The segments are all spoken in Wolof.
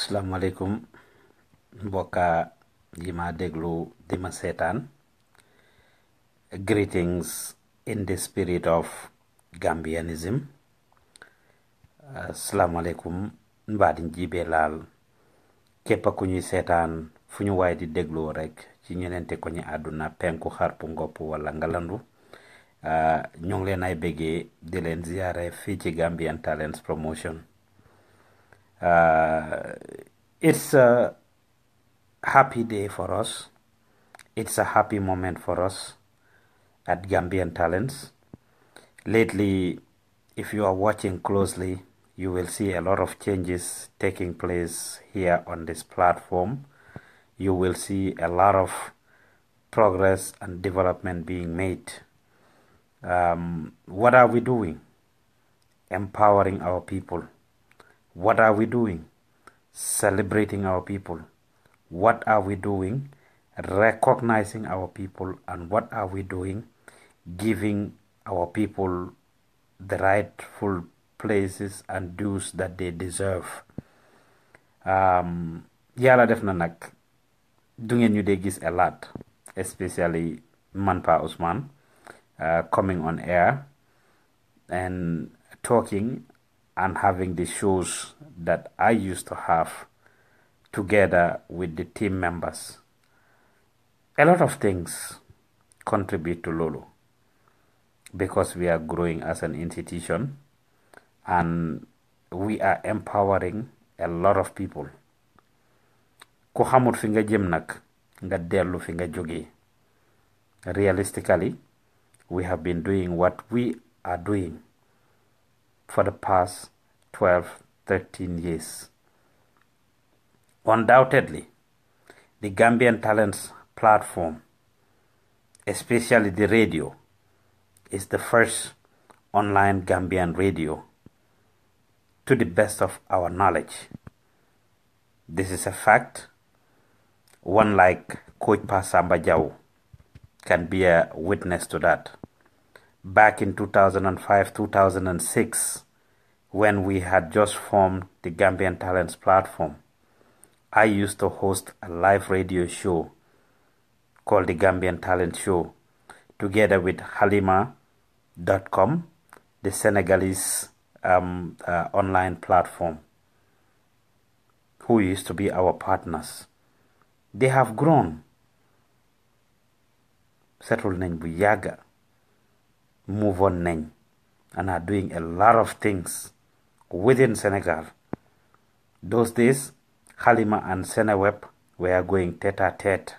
salaamaaleykum mbokka yi ma déglu di ma seetaan greetings in the spirit of Gambianism salaamaaleykum mbaadiñ jiibee laal képp ku ñuy seetaan fu ñu waay di dégloo rekk ci ñenente ko ñu àdduna penku xarpu ngopp wala ngalandu ah, ñoo ngi leen ay béggee di leen ziyaare fii ci Gambian Talents Promotion Uh, it's a happy day for us. It's a happy moment for us at Gambian Talents. Lately, if you are watching closely, you will see a lot of changes taking place here on this platform. You will see a lot of progress and development being made. Um, what are we doing? Empowering our people. What are we doing? Celebrating our people. What are we doing? Recognizing our people. And what are we doing? Giving our people the rightful places and dues that they deserve. Um, yàlla definitely, doing nag du ngeen ñu a lot especially Manpa Usman uh, coming on air and talking and having the shows that I used to have together with the team members. A lot of things contribute to Lolo because we are growing as an institution and we are empowering a lot of people. ku xamul fi nga jëm nag nga fi nga realistically we have been doing what we are doing for the past 12, 13 years. Undoubtedly, the Gambian Talents platform, especially the radio, is the first online Gambian radio to the best of our knowledge. This is a fact. One like Coach Pasamba Jau can be a witness to that back in 2005 2006 when we had just formed the Gambian Talents platform. I used to host a live radio show called the Gambian Talent Show together with Halima.com, the Senegalese um, uh, online platform, who used to be our partners. They have grown. Settled Nengbuyagga move on nañ and are doing a lot of things within Senegal. Those days, Halima and Seneweb were going tete-a-tete.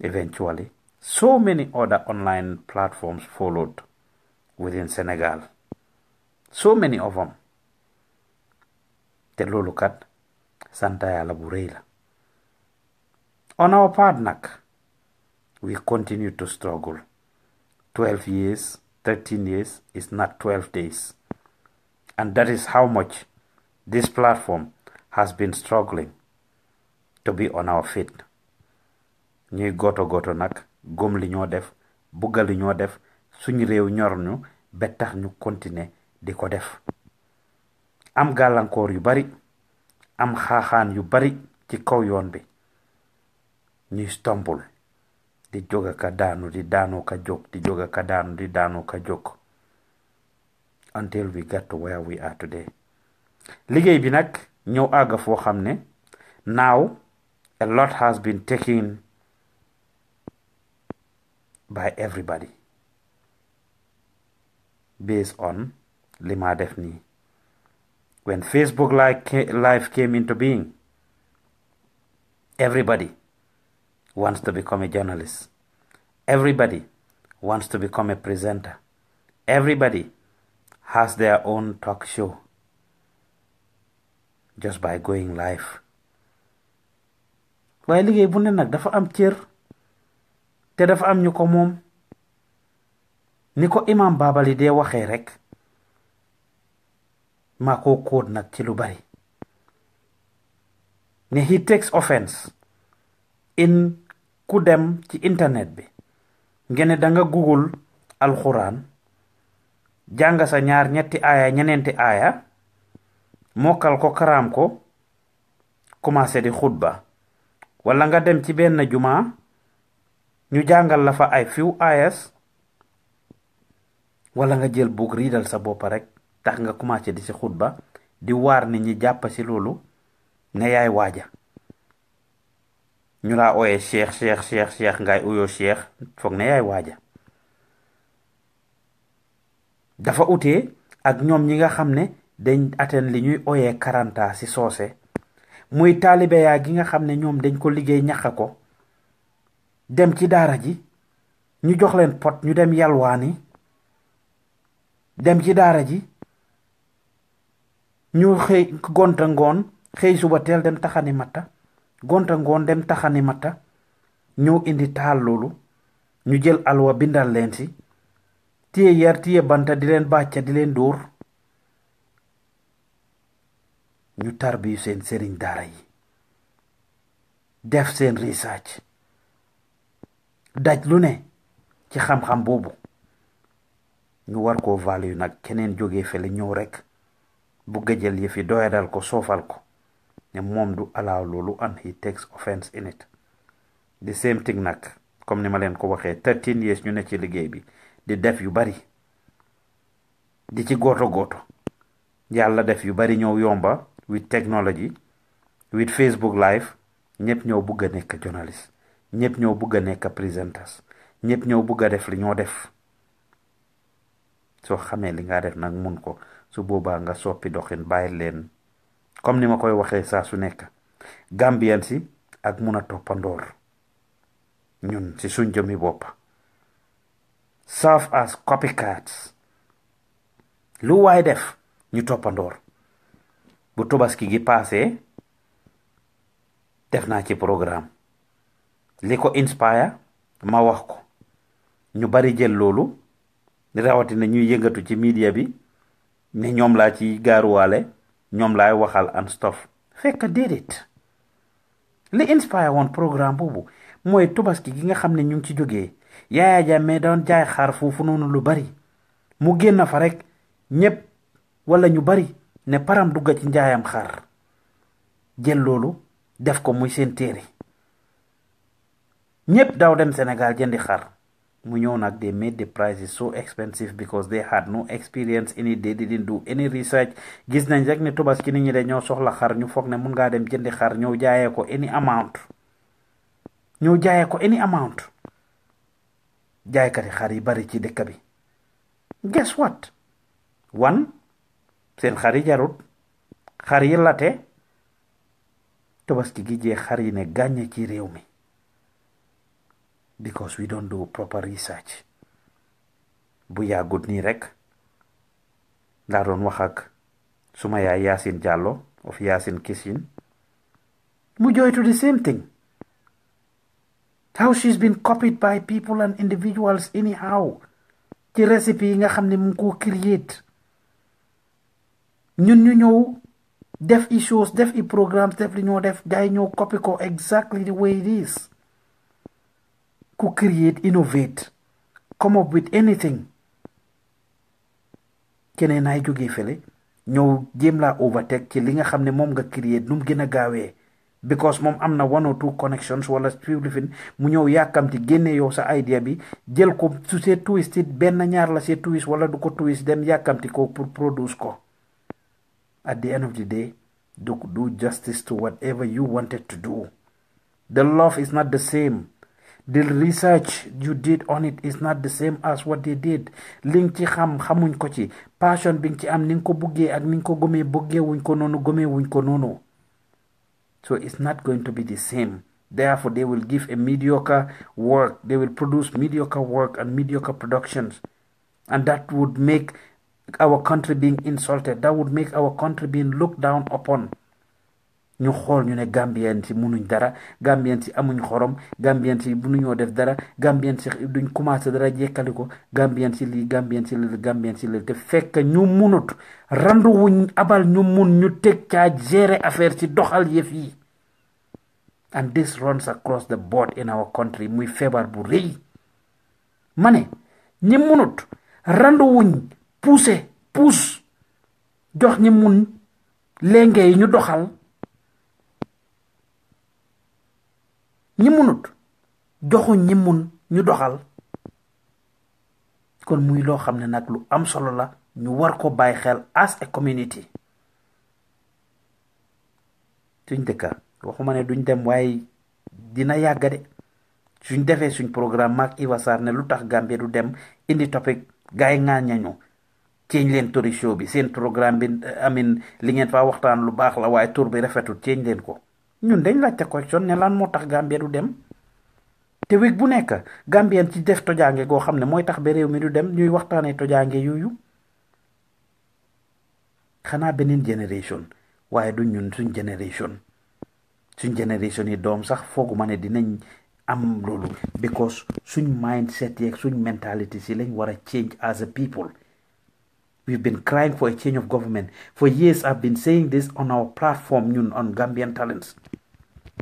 Eventually, so many other online platforms followed within Senegal. So many of them. te loolu kat sant on our part we continue to struggle 12 years, 13 years is not 12 days. And that is how much this platform has been struggling to be on our feet. ñuy goto goto nag gëm li ñoo def bugga li ñoo def suñu réew ñor ñu ba ñu continuer di ko def am gàllankoor yu bari am xaaxaan yu bari ci kaw yoon bi ñuy stombul di joga ka daanu di daanu ka jog di joga ka daanu di daanu ka jog until we get to where we are today liggéey bi nag ñëw àgg foo xam ne now a lot has been taken by everybody based on lima def nii when facebook live came into being everybody wants to become a journalist. Everybody wants to become a presenter. Everybody has their own talk show just by going live. waaye liggéey bu ne nag dafa am cër te dafa am ñu ko moom ni ko imam yi dee waxee rek maa koo kóod nag ci lu bari ne he takes offense in ku dem ci internet bi ngene da nga google alquran jàng sa ñaar ñetti aya ñenenti aya, mokal ko karam ko commencé di khutba wala nga dem ci na juma ñu lafa la fa ay few ayas wala nga jël bug riidal sa bop rek tax nga commencé di si khutba di war ni ñi japp si lolu ne yaay waja ñu la ooyee cheikh cheikh cheikh cheikh ngay uyo cheikh foog ne yaay waja dafa outé ak ñom ñi nga xamné dañ li ñuy karanta si sosé muy talibé ya gi nga xamné ñom dañ ko liggéey dem ci dara ji ñu jox leen pot ñu dem yalwaani dem ci dara ji ñu xey gonta ngoon suba tel dem taxani matta gonta ngoon dem taxani matta ñoo indi taal loolu ñu jël alwa bindal leen si téye yar téye banta di leen bàcca di leen dóor ñu tarbiyu seen sëriñ daara yi def seen research daj lu ne ci xam-xam boobu ñu war ko koo yu nag keneen jógee fele ñëw rekk bu gëjal gëjël yëfi doyadal ko soofal ko ne moom du allow loolu and he takes offense in di the same thing nag comme ni ma leen ko waxee 13 years ñu ne ci liggéey bi di def yu bari di ci gooto gooto yàlla def yu bari ñëw yomba with technology with Facebook live ñëpp ñoo bugg a journalist ñëpp ñoo bugg a nekk presenters ñëpp ñoo bugg a def li ñoo def soo xamee li nga def nag mun ko su boobaa nga soppi doxin bàyyi leen comme ni ma koy waxee saa su nekk gambien si ak mun a toppandoor ñun si suñ jëmmi bopp serve as copycats lu waay def ñu toppandoor bu tobaski gi paasee def naa ci programme li ko inspire ma wax ko ñu bari jël loolu rawatina ñuy yëngatu ci media bi ne ñoom laa ci gaaruwaale ñoom laay waxal and stuff fekk déedéet li inspire woon programme boobu mooy tubaski gi nga xam ne ñu ngi ci jógee Yaya Jammeh doon jaay xar foofu noonu lu bari mu génn fa rek ñépp walla ñu bari ne param dugga ci njaayam xar jël loolu def ko muy seen téere ñépp daw dem Sénégal jëndi xar mu ñëw nag they made the prices so expensive because they had no experience in it they didn't do any research gis nañ rek ne tabaski ni ñi de ñoo soxla xar ñu foog ne mun ngaa dem jëndi xar ñëw jaayee ko any amount ñëw jaayee ko any amount jaaykati xar yi bari ci dëkk bi guess what one seen xar yi jarut xar yi late tabaski gi jee xar yi ne gàññe ci réew mi because we don't do proper research bu yàggut nii rek laa doon wax ak suma yaay Yaasin Diallo of yasin Kisin mu joytu the same thing how she's been copied by people and individuals anyhow ci recipe yi nga xam ne mu ngi create ñun ñu ñëw def issues, def i programmes def li ñoo def guy yi ñoo copy ko exactly the way it is who create, innovate, come up with anything keneen ay jógee fële ñëw jéem laa overtake ci li nga xam ne moom nga create nu mu gën a gaawee because moom am na one or two connections wala few lifin mu ñëw yàkkamti génne yow sa idea bi jël ko su see twist it benn ñaar la see twist wala du ko twist dem yàkkamti ko pour produce ko at the end of the day do do justice to whatever you wanted to do the love is not the same the research you did on it is not the same as what they did li ci xam xamuñ ko ci passion bi ci am ni ko buggee ak ni ko gëmee wuñ ko wuñ ko so it's not going to be the same therefore they will give a mediocre work they will produce mediocre work and mediocre productions and that would make our country being insulted that would make our country being looked down upon ñu xool ñu ne gambien si munuñ dara gambien si amuñ xorom gambien si munuñoo def dara gambien si duñ commencé dara jekkali ko gambien si lii gambien si lii gambien si te fekk ñu munut randu wuñ abal ñu mun ñu teg caa gérer affaire ci doxal yëf yi and this runs across the board in our country muy feebar bu rëy ma ne ñi munut randu wuñ poussé jox ñi mun lenge yi ñu doxal ñi munut joxuñ ñi mun ñu doxal kon muy loo xam ne nag lu am solo la ñu war ko bàyyi xel as a community suñ dëkka waxuma ne duñ dem waaye dina yàgga de suñ defee suñ programme maak Iva Sarr ne lu tax Gambie du dem indi topic gars yi ŋaañañu ceeñ leen tori show bi seen programme bi amin li ngeen faa waxtaan lu baax la waaye tur bi rafetul ceeñ leen ko ñun dañ laajte question ne lan moo tax Gambie du dem te wig bu nekk Gambien ci def tojaange goo xam ne mooy tax ba réew mi du dem ñuy waxtaanee tojaange yooyu xanaa beneen génération waaye du ñun suñ génération suñ génération yi doom sax fooguma ne dinañ am loolu because suñ mindset yeeg suñ mentalité si lañ war a change as a people We've been crying for a change of government. For years, I've been saying this on our platform on Gambian talents.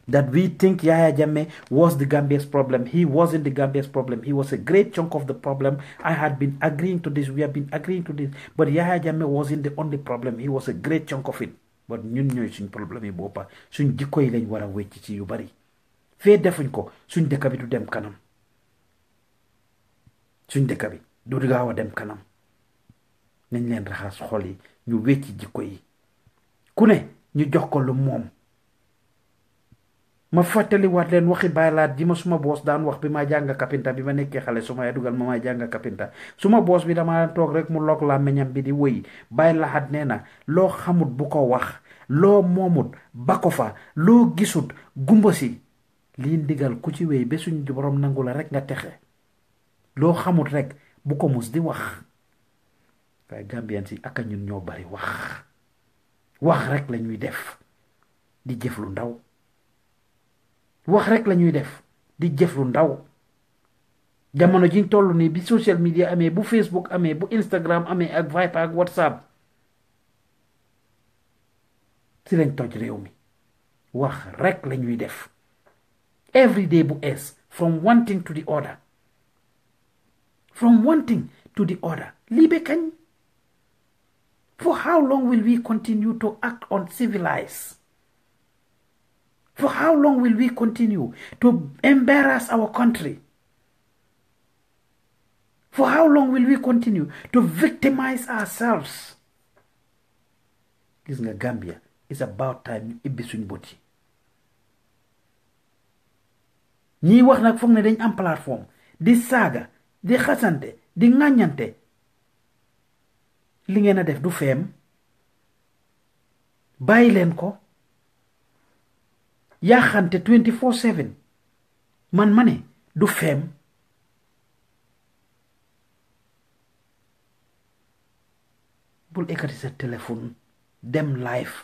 That we think Yaya Jame was the Gambia's problem. He wasn't the Gambia's problem. He was a great chunk of the problem. I had been agreeing to this. We have been agreeing to this. But Yaya Jame wasn't the only problem. He was a great chunk of it. But ñun ñooy suñ problème yi boppa suñ jikko yi lañ war a wecc ci yu bari fee defuñ ko suñ dëkk bi du dem kanam suñ dëkk bi du gaaw a dem kanam nañ leen raxas xol yi ñu wecci jikko yi ku ne ñu jox ko lu moom ma fàttaliwaat leen waxi baylaat ji ma suma boos daan wax bi ma jàng kapinta bi ma nekkee xale su dugal ma may jàng kapinta suma boos bi dama toog rek mu log làmmiñam bi di wëy baylaat nee na loo xamut bu ko wax loo moomut ba ko fa loo gisut gumba si lii ndigal ku ci wéy ba suñu borom nangu la rek nga texe loo xamut rek bu ko mus di wax waaye Gambien si ak ñun ñoo bari wax wax rek la ñuy def di jëf lu ndaw wax rek la ñuy def di jëf ndaw jamono jiñ toll nii bi social media amee bu Facebook amee bu Instagram amee ak Viber ak WhatsApp si lañ toj réew mi wax rekk lañuy def every day bu ees from one to the other from one to the other lii be For how long will we continue to act uncivilized? For how long will we continue to embarrass our country? For how long will we continue to victimize ourselves? This is Gambia It's about time ñu ibbi suñ bët yi ñiy wax ne dañ am platform, di saga, di xasante di nganyante. li ngeen a def du feem bàyyi leen ko yaaxante 24 7 man mane du feem bul ekkati sa téléphone dem live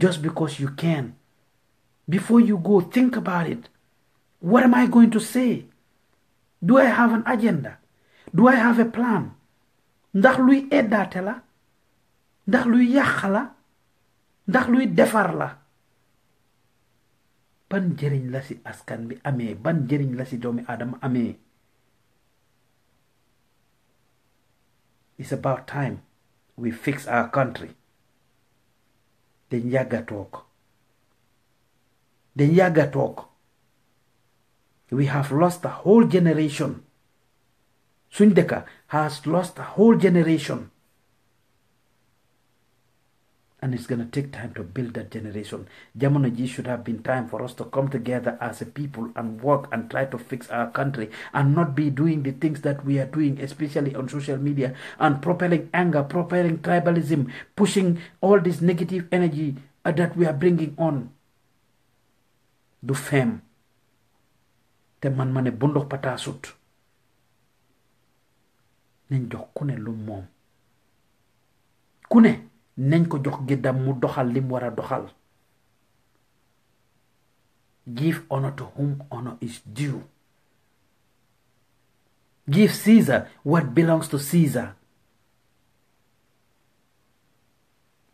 just because you can before you go think about it what am I going to say do I have an agenda do I have a plan ndax luy eddaate la ndax luy yàq la ndax luy defar la ban njëriñ la ci askan bi amee ban njëriñ la ci doomi aadama amee it's about time we fix our country dañ yàgg a toog dañ yàgg toog we have lost a whole generation Sundeka has lost a whole generation. And it's going to take time to build that generation. Jamunaji should have been time for us to come together as a people and work and try to fix our country and not be doing the things that we are doing, especially on social media, and propelling anger, propelling tribalism, pushing all this negative energy uh, that we are bringing on. Do fame. The man mane bundok patasut. nañ jox ku ne lu moom ku ne nañ ko jox gëddam mu doxal lim war a doxal give honor to whom honor is due give Caesar what belongs to Caesar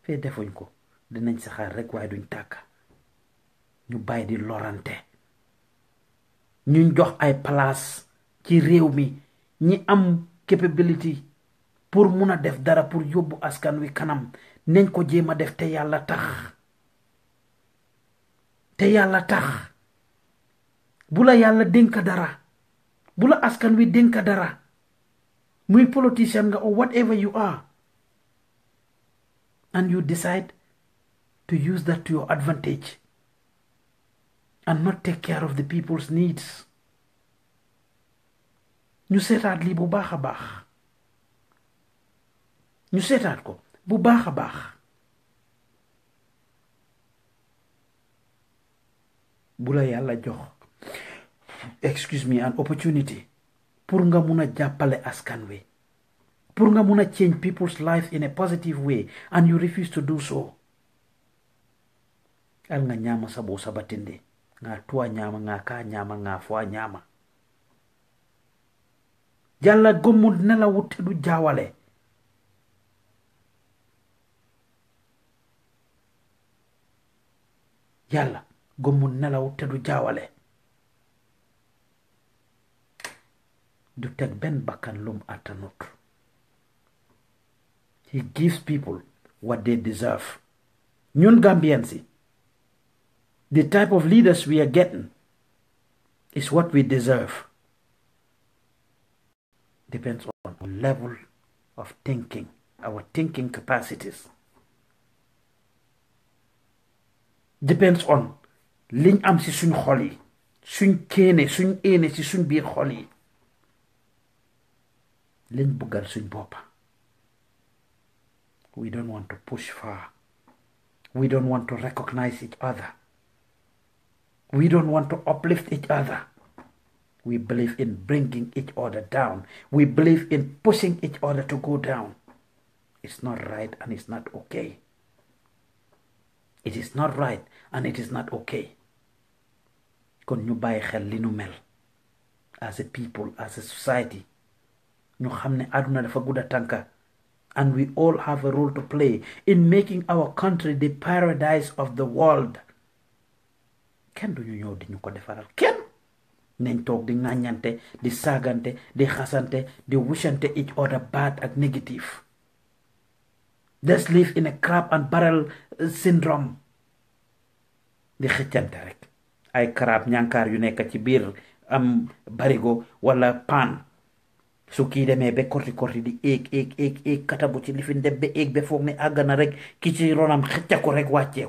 fee defuñ ko dinañ saxaar rekk waaye duñ tàkk ñu bàyyi di lorante ñu jox ay palaas ci réew mi ñi am capability pour muna def dara pour yóbbu askan wi kanam nañ ko jéem a def te yàlla tax te yàlla tax bu yàlla dénka dara bula askan wi dénka dara muy politician nga or whatever you are and you decide to use that to your advantage and not take care of the people's needs ñu seetaat lii bu baax a baax ñu seetaat ko bu baax a baax bu la yàlla jox excuse me an opportunity pour nga mun a jàppale askan wi pour nga mun change people's life in a positive way and you refuse to do so al nga ñaama sa sa sabatinde nga tuwa ñaama nga kaa ñaama nga foa ñaama yàlla gëmmu nelawut te du jawale. yàlla gëmmu nelawut te du jawale. du teg benn bakkan lum àttanut he gives people what they deserve ñun Gambians the type of leaders we are getting is what we deserve depends on our level of thinking, our thinking capacities. Depends on ling am si suñ xol yi suñ kéene suñ éene si suñ biir xol yi liñ suñ we don't want to push far we don't want to recognize each other we don't want to uplift each other we believe in bringing each other down. We believe in pushing each other to go down. It's not right and it's not okay. It is not right and it is not okay. mel as a people as a society tànka and we all have a role to play in making our country the paradise of the world kenn duñu ñëw di ñu ko nañ toog di ŋàññante di saagante di xasante di wishante each other bad ak négative let's live in a crab and barrel uh, syndrome di xëccante rek ay crab ñànkaar yu nekk ci biir am barigo wala paan su kii demee ba korti korti di éeg éeg éeg katabu ci lifin dem ba éeg ba foog ne àgg na rek ki ci ronam xëcca rek wàccee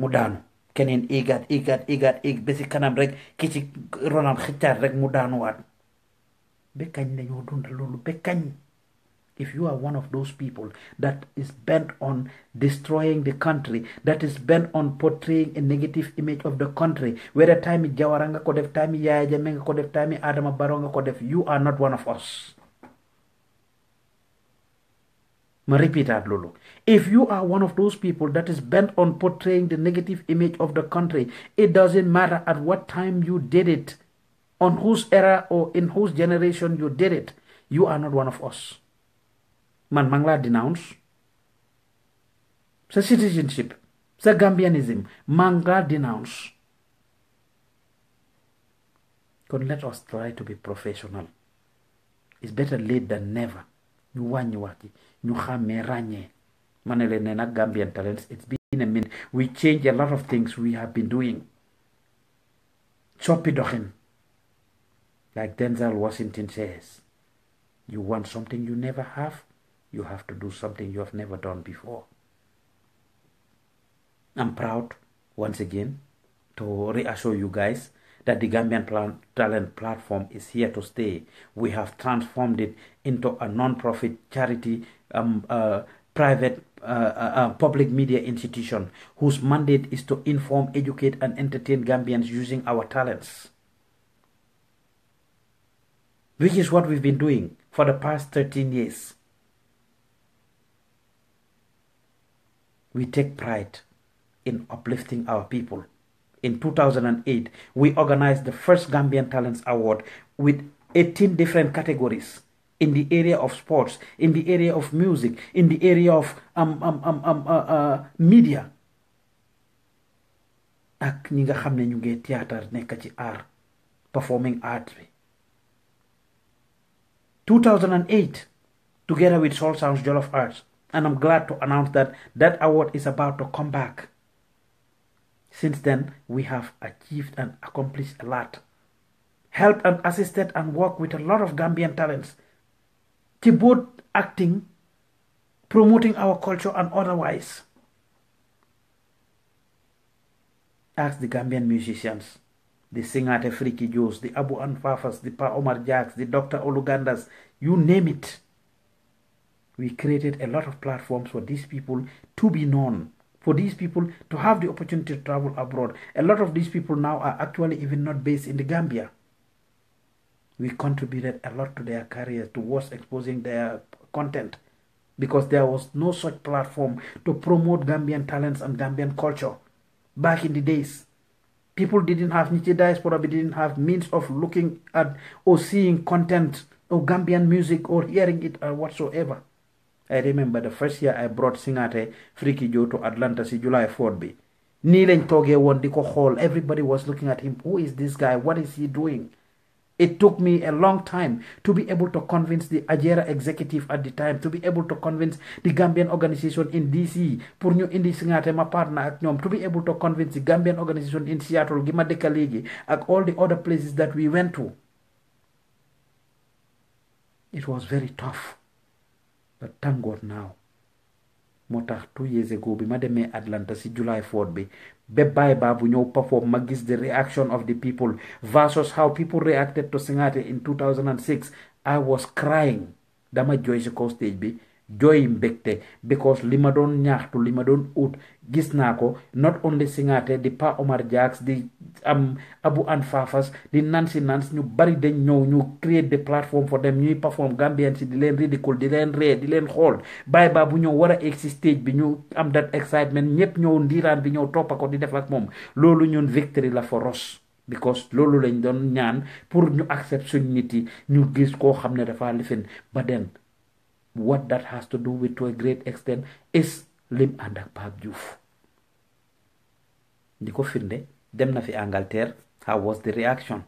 mu daanu keneen igaat igaat igaat ig ba si kanam rek ki ci ronam rek mu daanuwaat ba kañ lañoo loolu ba kañ if you are one of those people that is bent on destroying the country that is bent on portraying a negative image of the country whether time jawara nga ko def time yaaya jame nga ko def time adama baro nga ko def you are not one of us Maripitat Lulu. If you are one of those people that is bent on portraying the negative image of the country, it doesn't matter at what time you did it, on whose era or in whose generation you did it, you are not one of us. Man Mangla denounce. It's citizenship. It's Gambianism. Mangla denounce. God, let us try to be professional. It's better late than never. You want you Gambian Talents. It's been a minute. We changed a lot of things we have been doing. Choppy Like Denzel Washington says, you want something you never have, you have to do something you have never done before. I'm proud once again to reassure you guys that the Gambian Plan Talent Platform is here to stay. We have transformed it into a non-profit charity um, uh, private uh, public media institution whose mandate is to inform, educate, and entertain Gambians using our talents, which is what we've been doing for the past 13 years. We take pride in uplifting our people. In 2008, we organized the first Gambian Talents Award with 18 different categories in the area of sports, in the area of music, in the area of um, um, um, um, uh, uh, media ak nga xam ñu théâtre nekk ci art performing art 2008 together with Soul Sounds of Arts and I'm glad to announce that that award is about to come back since then we have achieved and accomplished a lot helped and assisted and worked with a lot of Gambian talents keyboard acting, promoting our culture and otherwise. Ask the Gambian musicians, the singer, the Freaky the Abu Anfafas, the Pa Omar Jacks, the Dr. Olugandas, you name it. We created a lot of platforms for these people to be known, for these people to have the opportunity to travel abroad. A lot of these people now are actually even not based in the Gambia we contributed a lot to their careers towards exposing their content because there was no such platform to promote Gambian talents and Gambian culture back in the days. People didn't have Niche diaspora, they didn't have means of looking at or seeing content or Gambian music or hearing it or uh, whatsoever. I remember the first year I brought Singate Freaky Joe to Atlanta si July 4th. Neil and Toge won the hall. Everybody was looking at him. Who is this guy? What is he doing? It took me a long time to be able to convince the Ajera executive at the time, to be able to convince the Gambian organization in DC, pour ñu indi si my partner at ñoom, to be able to convince the Gambian organization in Seattle gi ma dëkka all the other places that we went to. It was very tough, but thank God now moo two years ago bi ma demee Atlanta si July 4 bi ba by, baa bu ñëw perform ma gis the reaction of the people versus how people reacted to Singate in 2006 I was crying dama jooy si stage bi jooy mbégte because li ma doon ñaaxtu li ma doon ut gis naa ko not only Singate di Pa Omar Jacks di am Abu and Fafas di nansi Nance ñu bari dañ ñëw ñu create de platform for them ñuy perform Gambian si di leen ridicule di leen ree di leen xool bàyyi baa bu ñëw war a egg si stage bi ñu am that excitement ñëpp ñëw ndiiraan bi ñëw toppa ko di def ak moom loolu ñun victory la foros us because loolu lañ doon ñaan pour ñu accept suñ nit yi ñu gis koo xam ne dafa lifin ba den what that has to do with to a great extent is lim ànd ak Pape di ko firnde dem na fi Angleterre how was the reaction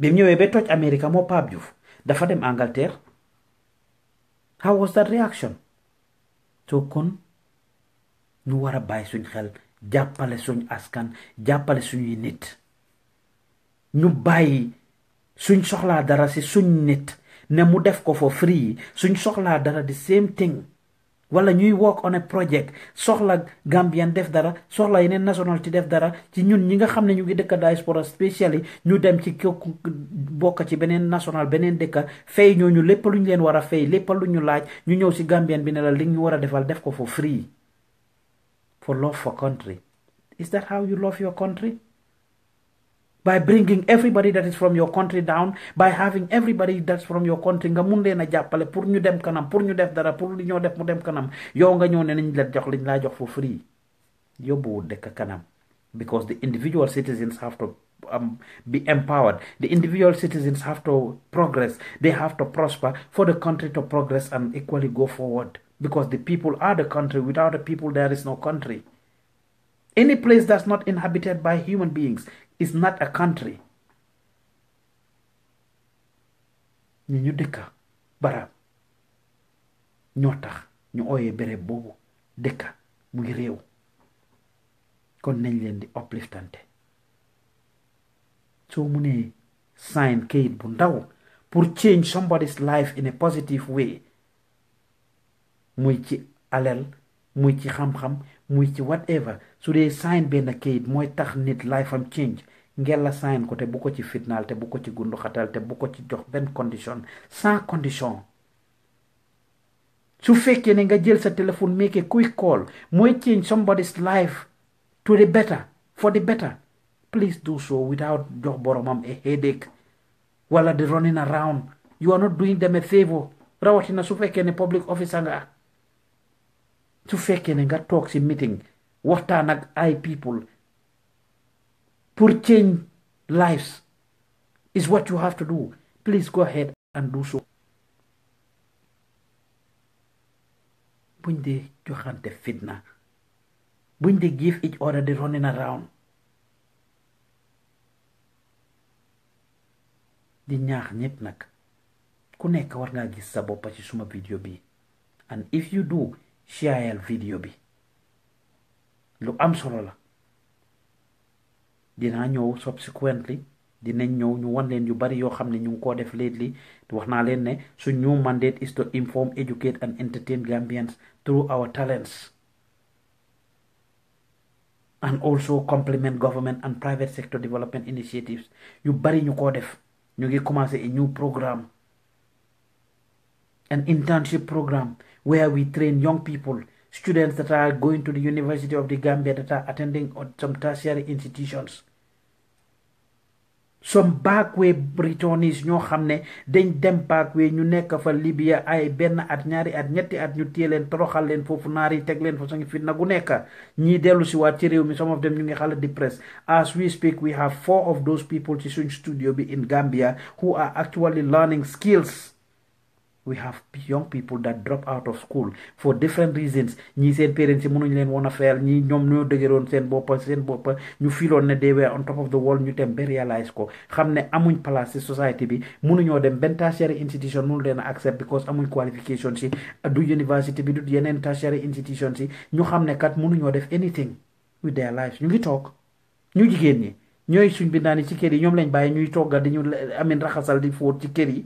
bi mu ñëwee ba toj America moo Pape Diouf dafa dem Angleterre how was that reaction so kon ñu war a bàyyi suñ xel jàppale suñ askan jàppale suñuy nit ñu bàyyi suñ soxlaa dara si suñ nit ne mu def ko for free suñ soxlaa dara the same thing wala ñuy work on a project soxla gambien def dara soxla yeneen nationalité def dara ci ñun ñi nga xam ne ñu ngi dëkk diaspora spécially ñu dem ci kooku bokk ci beneen national beneen dëkk fay ñu lépp lu ñu leen war a fay léppa lu ñu laaj ñu ñëw si Gambian bi ne la li ñu war a defal def ko for free for love for country is that how you love your country by bringing everybody that is from your country down by having everybody that's from your country nga mun leen a jàppale pour ñu dem kanam pour ñu def dara pour li ñoo def mu dem kanam yow nga ñëw ne nañ la jox liñ jox for free yóbbuwul dëkk kanam because the individual citizens have to um, be empowered the individual citizens have to progress they have to prosper for the country to progress and equally go forward because the people are the country without the people there is no country any place that's not inhabited by human beings is not a country ñi ñu dëkka barab ñoo tax ñu ooyee béréb boobu dëkka muy réew kon nañ leen di upliftante soo mu nee sign kayit bu ndaw pour change somebody's life in a positive way muy ci alal muy ci xam-xam muy ci whatever su dee sign benn kayit mooy tax nit life am change ngela sign ko te bu ko ci fitnal te bu ko ci gundu xatal te bu ko ci jox benn condition sans condition su fekkee ne nga jël sa téléphone make a quick call mooy change somebody's life to the better for the better please do so without jox boromam a headache wala the running around you are not doing them a favor rawatina su fekkee ne public officer nga su fekkee ne nga toog si meeting waxtaan ak ay people change lives is what you have to do. Please go ahead and do so. When they buñ de the fitna when they give each other the running around di ñaax ñépp nag ku nekk war gis sa ci suma video bi and if you do shareal video bi lu am solo la dinaa ñëw subsequently dinañ ñëw ñu wan leen yu bari yoo xam ne ñu ngi koo def lately wax naa leen ne su new mandate is to inform educate and entertain Gambians through our talents and also complement government and private sector development initiatives yu bari ñu koo def ñu ngi commencé a new programme an internship programme where we train young people students that are going to the University of the Gambia that are attending some tertiary institutions some backway Britannies ñoo xam ne dañ dem backway ñu nekk for Libya I benn at ñaari at ñetti at ñu téye leen len leen foofu teglen for teg leen fa Ni fitna si watiri umi. some of them ñu ngi press as we speak we have four of those people teaching studio be in Gambia who are actually learning skills we have young people that drop out of school for different reasons ñii seen parents yi mënuñ leen woon a fayal ñii ñoom ñoo dëgëroon seen boppa seen boppa ñu filoon ne they were on top of the world ñu dem ba réalise ko xam ne amuñ place ci society bi mënuñoo dem benn tertiary institution mënu leen a accept because amuñ qualification si du university bi du yeneen tertiary institution si ñu xam ne kat mënuñoo def anything with their lives ñu ngi toog ñu jigéen ñi ñooy suñ bi naan ci kër yi ñoom lañ bàyyi ñuy toggal di ñu amin raxasal di fóot ci kër yi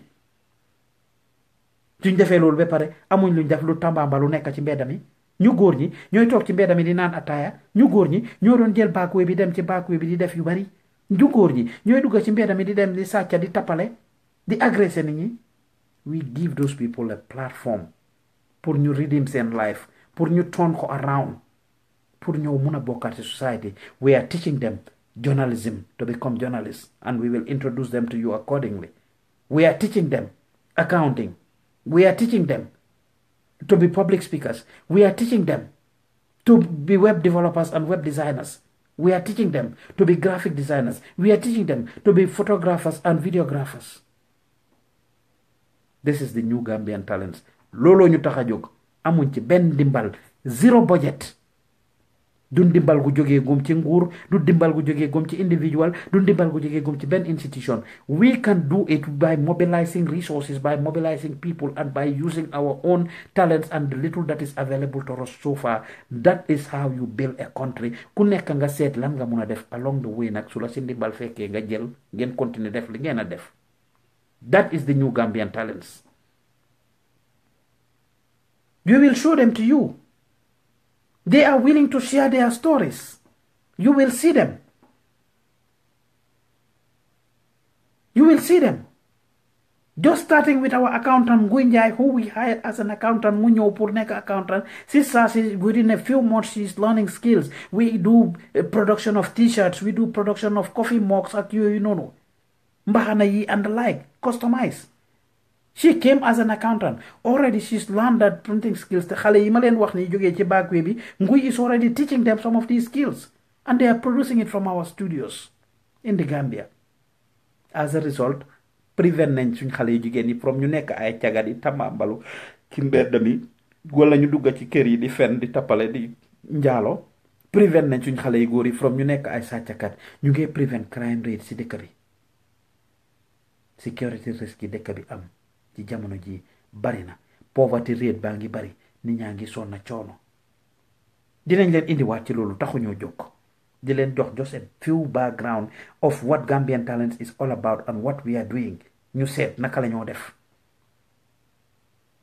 suñ defee loolu ba pare amuñ luñ def lu ba lu nekk ci mbedd mi ñu góor ñi ñooy toog ci mbedd mi di naan ataaya ñu góor ñi ñoo doon jël baakuwe bi dem ci baakuwe bi di def yu bari ñu góor ñi ñooy dugg ci mbedd mi di dem di sàcca di tappale di agressé nit ñi we give those people a platform pour ñu redeem seen life pour ñu turn ko around pour ñëw mun a bokkaat ci society we are teaching them journalism to become journalists and we will introduce them to you accordingly we are teaching them accounting We are teaching them to be public speakers. We are teaching them to be web developers and web designers. We are teaching them to be graphic designers. We are teaching them to be photographers and videographers. This is the new Gambian talents. Lolo ñu amunchi, Ben dimbal, zero budget du ndimbal gu jógee gum ci nguur du ndimbal gu jógee gum ci individual du ndimbal gu jógee gum ci benn institution we can do it by mobilizing resources by mobilizing people and by using our own talents and the little that is available to us so far that is how you build a country ku nekk nga seet lan nga mun a def along the way nag su la si ndimbal fekkee nga jël ngeen continue def li ngeen a def that is the new Gambian talents we will show them to They are willing to share their stories. You will see them. You will see them. Just starting with our accountant Gwinjai, who we hired as an accountant, Munyo Purneka accountant. Since says within a few months, she's learning skills. We do eh, production of t-shirts. We do production of coffee mugs at you, you know, mbahana and the like. Customize. she came as an accountant already she's learned that printing skills xale yi ma leen wax ni jógee ci back way bi Nguy is already teaching them some of these skills and they are producing it from our studios in the Gambia as a result prevent nañ suñ xale yu jigéen yi from ñu nekk ay cagat yi tamambalu ci mbedd mi walla ñu dugg ci kër yi di fen di tappale di njaalo prevent nañ suñ xale yu góor yi from ñu nekk ay sàccakat ñu ngee prevent crime rate si dëkk bi security risk dëkk bi am ci jamono ji bari na poverty rate baa ngi bari nit ñaa ngi sonna coono dinañ leen indiwaat ci loolu taxuñoo jóg di leen jox just a few background of what Gambian Talents is all about and what we are doing ñu seet naka lañoo def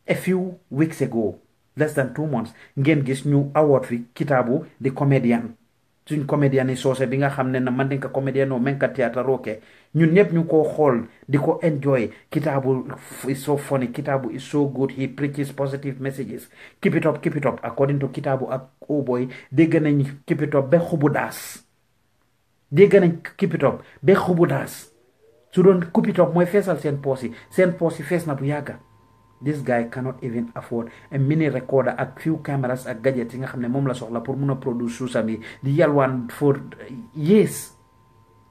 a few weeks ago less than two months ngeen gis ñu awoot fi kitaabu di comedian suñ comédien yi soose bi nga xam ne na man dinka comédien o men ka théâtre o ke ñun ñëpp ñu ko xool di ko enjoy kitaabu is so funny kitaabu is so good he preaches positive messages keep it up keep it up according to kitaabu ak oh boy dégg nañ keep it up ba xubu daas dégg nañ keep it up ba xubu daas su doon keep mooy feesal seen poos yi seen poos yi fees na bu yàgga this guy cannot even afford a mini recorder ak few cameras ak gadget yi nga xam ne moom la soxla pour mun a produce suusam yi di yalwaan for years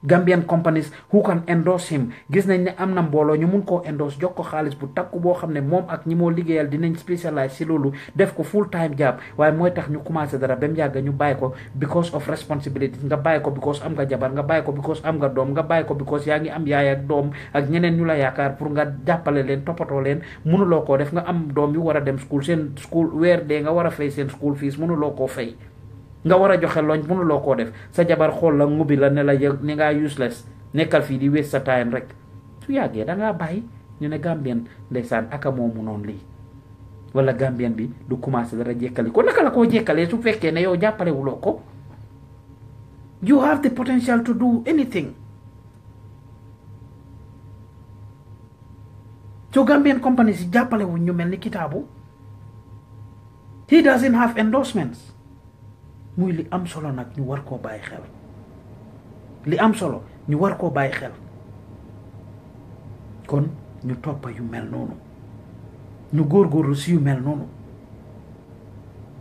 Gambian companies who can endorse him gis nañ ne am na mbooloo ñu mun koo endorse jox ko xaalis bu takk boo xam ne moom ak ñi moo liggéeyal dinañ spécialise si loolu def ko full time job waaye mooy tax ñu commencé dara ba mu yàgg ñu bàyyi ko because of responsibility nga bàyyi ko because am nga jabar nga bàyyi ko because am nga doom nga bàyyi ko because yaa ngi am yaay ak doom ak ñeneen ñu la yaakaar pour nga jàppale leen toppatoo leen mënuloo koo def am doom yu war a dem school seen school weer dee nga war a fay seen mënuloo koo fay nga wara a joxe looñ mënuloo loko def sa jabar xol la ngubi la ne la ni nga useless nekkal fi di wess sa time rek su yagge da nga bay ñu ne gambien ndaysan aka non li wala gambien bi du commencer dara jekali ko naka la koo jekkalee su fekke ne yow wu loko you have the potential to do anything to gambian companies jappale wu ñu melni kitabu he doesn't have endorsements muy li am solo nag ñu war koo bàyyi xel li am solo ñu war koo bàyyi xel kon ñu toppa yu mel noonu ñu góor góorlu si yu mel noonu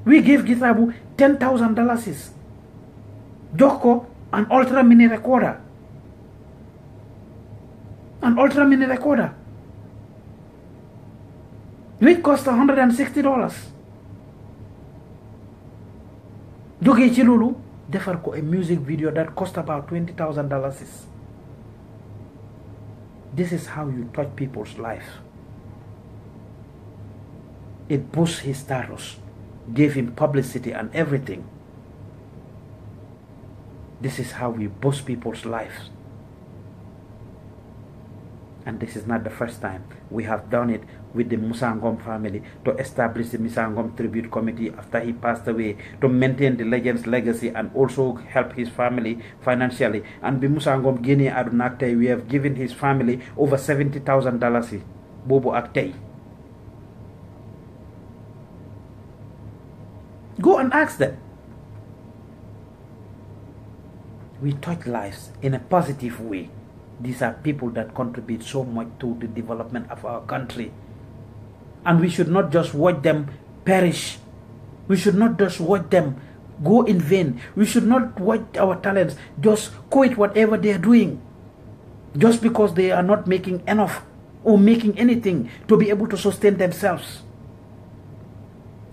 we gave Githabu ten thousand dollars jox ko an ultra mini recorder an ultra mini recorder which cost a hundred and sixty dollars jógee ci defar ko a music video that cost about twenty thousand dollars this is how you touch people's life it boosts his status gave him publicity and everything this is how we boost people's lives and this is not the first time we have done it with the Musangom family to establish the Musangom Tribute Committee after he passed away to maintain the legend's legacy and also help his family financially. And the Musangom Guinea Arunakte, we have given his family over $70,000. Bobo Aktei. Go and ask them. We touch lives in a positive way. These are people that contribute so much to the development of our country. And we should not just watch them perish. We should not just watch them go in vain. We should not watch our talents just quit whatever they are doing just because they are not making enough or making anything to be able to sustain themselves.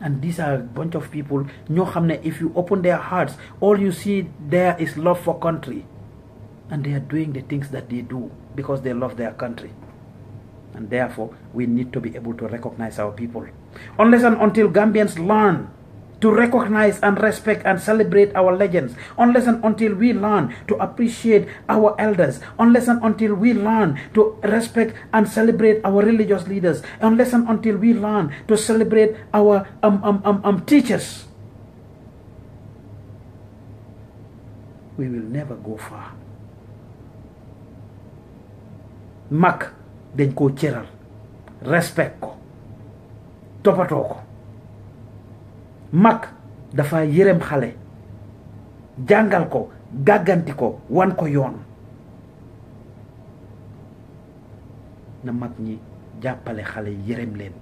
And these are a bunch of people, if you open their hearts, all you see there is love for country and they are doing the things that they do because they love their country. And therefore, we need to be able to recognize our people. Unless and until Gambians learn to recognize and respect and celebrate our legends, unless and until we learn to appreciate our elders, unless and until we learn to respect and celebrate our religious leaders, unless and until we learn to celebrate our um, um, um, um, teachers, we will never go far. mag dañ koo ceral respect ko toppatoo ko mag dafa yërëm xale jàngal ko gàgganti ko wan ko yoon na mag ñi jàppale xale yi leen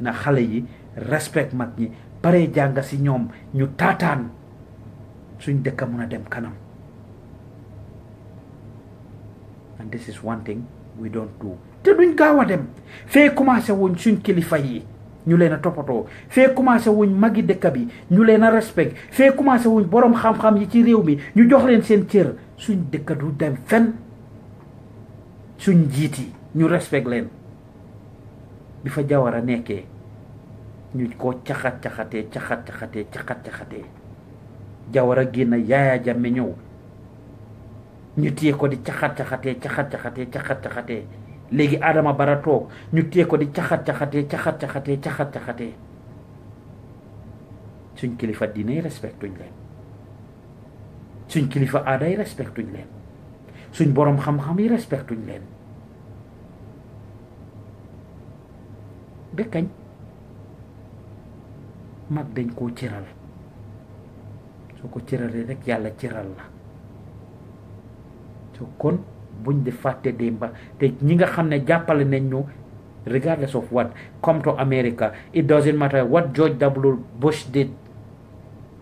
na xale yi respect mag ñi paree jànga si ñoom ñu taataan suñ dëkka mun a dem kanam and this is one thing we don't do te duñ gaaw a dem fee commencé wuñ suñ kilifa yi ñu leen a toppatoo fee commencé wuñ magi dëkk bi ñu leen a respect fee commencé wuñ borom xam-xam yi ci réew mi ñu jox leen seen cër suñ dëkk du dem fenn suñ njiit yi ñu respect leen bi fa jawar a nekkee ñu ko caxat caxatee caxat caxatee caxat caxatee jawara génn yaaya jamme ñëw ñu tiye ko di caxat-caxatee caxat-caxatee léegi Adama Barrow toog ñu téye ko di caxat-caxatee caxat-caxatee suñ kilifa diinay respectuñ suñ kilifa aaday respectuñ leen suñ boroom xam-xam yi respectuñ leen bekkañ mag dañ koo cëral soo ko cëralee rek yàlla cëral la kon buñ di fàtte démba te ñi nga xam ne jàppale nañ ñu regardless of what come to America it doesn't matter what George W. Bush did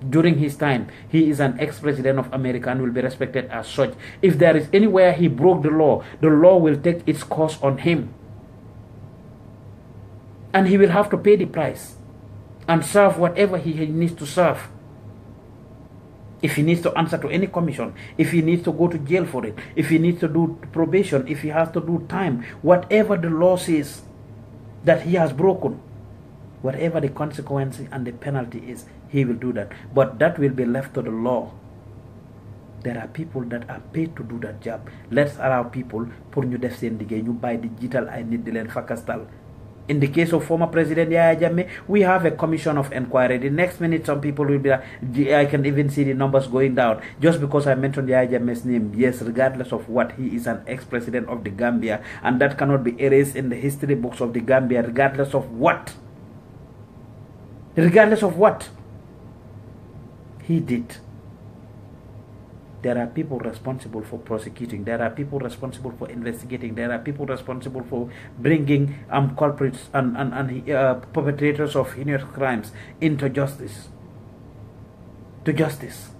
during his time he is an ex-president of America and will be respected as such if there is anywhere he broke the law the law will take its course on him and he will have to pay the price and serve whatever he needs to serve if he needs to answer to any commission, if he needs to go to jail for it, if he needs to do probation, if he has to do time, whatever the law says that he has broken, whatever the consequence and the penalty is, he will do that. But that will be left to the law. There are people that are paid to do that job. Let's allow people pour ñu def seen liggéey ñu bàyyi digital, jiital ay nit di leen fakastal in the case of former President Yahya Jammeh, we have a commission of inquiry. The next minute, some people will be like, I can even see the numbers going down just because I mentioned Yahya Jammeh's name. Yes, regardless of what, he is an ex-president of the Gambia, and that cannot be erased in the history books of the Gambia, regardless of what. Regardless of what he did. There are people responsible for prosecuting. There are people responsible for investigating. There are people responsible for bringing um, culprits and, and, and uh, perpetrators of heinous crimes into justice. To justice.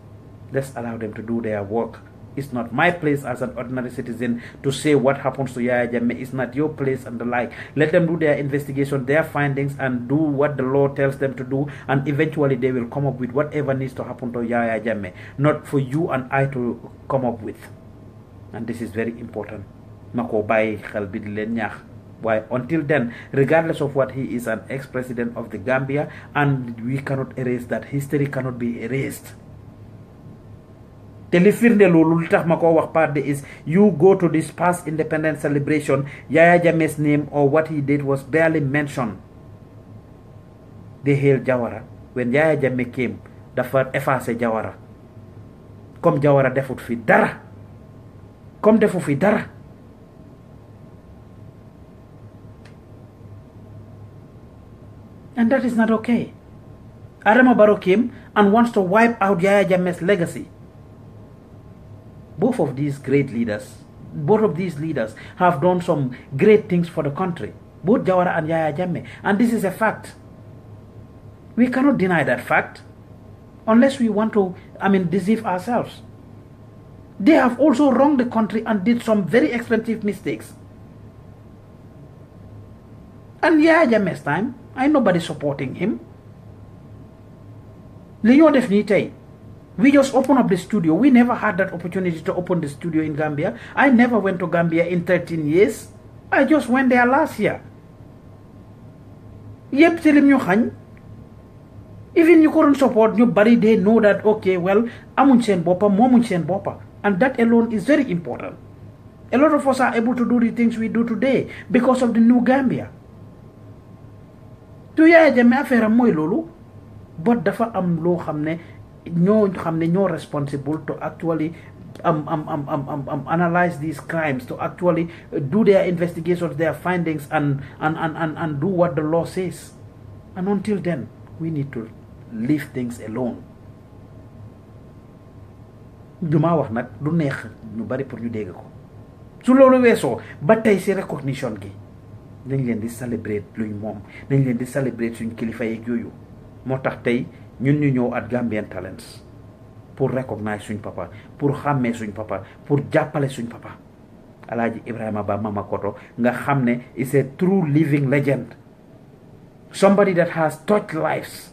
Let's allow them to do their work it's not my place as an ordinary citizen to say what happens to Yaya Jammeh. It's not your place and the like. Let them do their investigation, their findings, and do what the law tells them to do. And eventually they will come up with whatever needs to happen to Yaya Jammeh. Not for you and I to come up with. And this is very important. Why? Until then, regardless of what he is an ex-president of the Gambia, and we cannot erase that. History cannot be erased. te li firnde loolu li tax wax part de is you go to this past independence celebration Yaya Jammeh's name or what he did was barely mentioned they hail Jawara when Yaya Jammeh came dafa effacer Jawara comme Jawara defout fi dara comme defou fi dara and that is not okay Adama barokim came and wants to wipe out Yaya Jammeh's legacy both of these great leaders, both of these leaders have done some great things for the country, both Jawara and Yaya Jammeh, and this is a fact. We cannot deny that fact unless we want to, I mean, deceive ourselves. They have also wronged the country and did some very expensive mistakes. And Yaya Jammeh's time, I nobody supporting him. li ñoo def we just open up the studio. We never had that opportunity to open the studio in Gambia. I never went to Gambia in 13 years. I just went there last year. Yep, you even you couldn't support your they know that okay, well, I'm bopa, momun chen bopa. And that alone is very important. A lot of us are able to do the things we do today because of the new Gambia. To ya jame affaire moy lolu, but dafa am lo xamne ñoo xam ne ñoo responsible to actually um, um, um, um, um, um analyze these crimes to actually uh, do their investigations their findings and, and, and, and, and do what the law says and until then we need to leave things alone lu wax nag du neex ñu bari pour ñu dégg ko su loolu weesoo ba tey si recognition gi dañ leen di célébrer luñ moom dañ leen di célébrer suñ kilifa yeeg yooyu moo tax tey ñun ñu ñëw at Gambian Talents pour recognize suñ papa pour xàmmee suñ papa pour jàppale suñ papa alaaji Ibrahima Ba Mama Koto nga is a true living legend somebody that has touched lives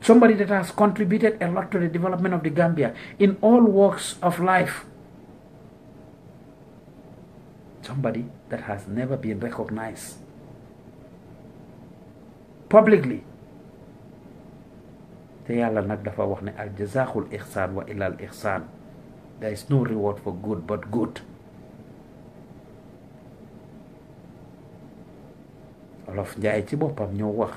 somebody that has contributed a lot to the development of the Gambia in all walks of life somebody that has never been recognized publicly te yàlla nag dafa wax ne al jazaahul ihsaan wa ilal ihsaan there is no reward for good but good olof njaay ci boppam ñoo wax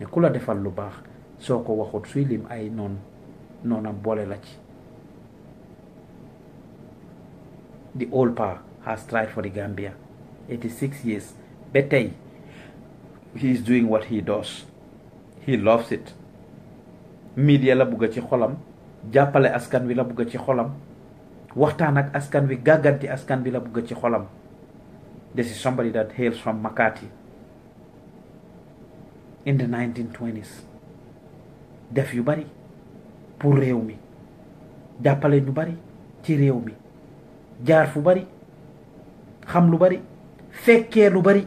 ne ku la defal lu baax soo ko waxut suy lim ay noon noonam boole la ci di old power has tried for the Gambia 86 years ba tey he is doing what he does he loves it media la bugg ci xolam jàppale askan wi la bugg ci xolam waxtaan ak askan wi gàgganti askan wi la bugg ci xolam this is somebody that hails from Makati def yu bari pour réew mi jàppale ñu bari ci réew mi jaar fu bari xam lu bari fekkee lu bari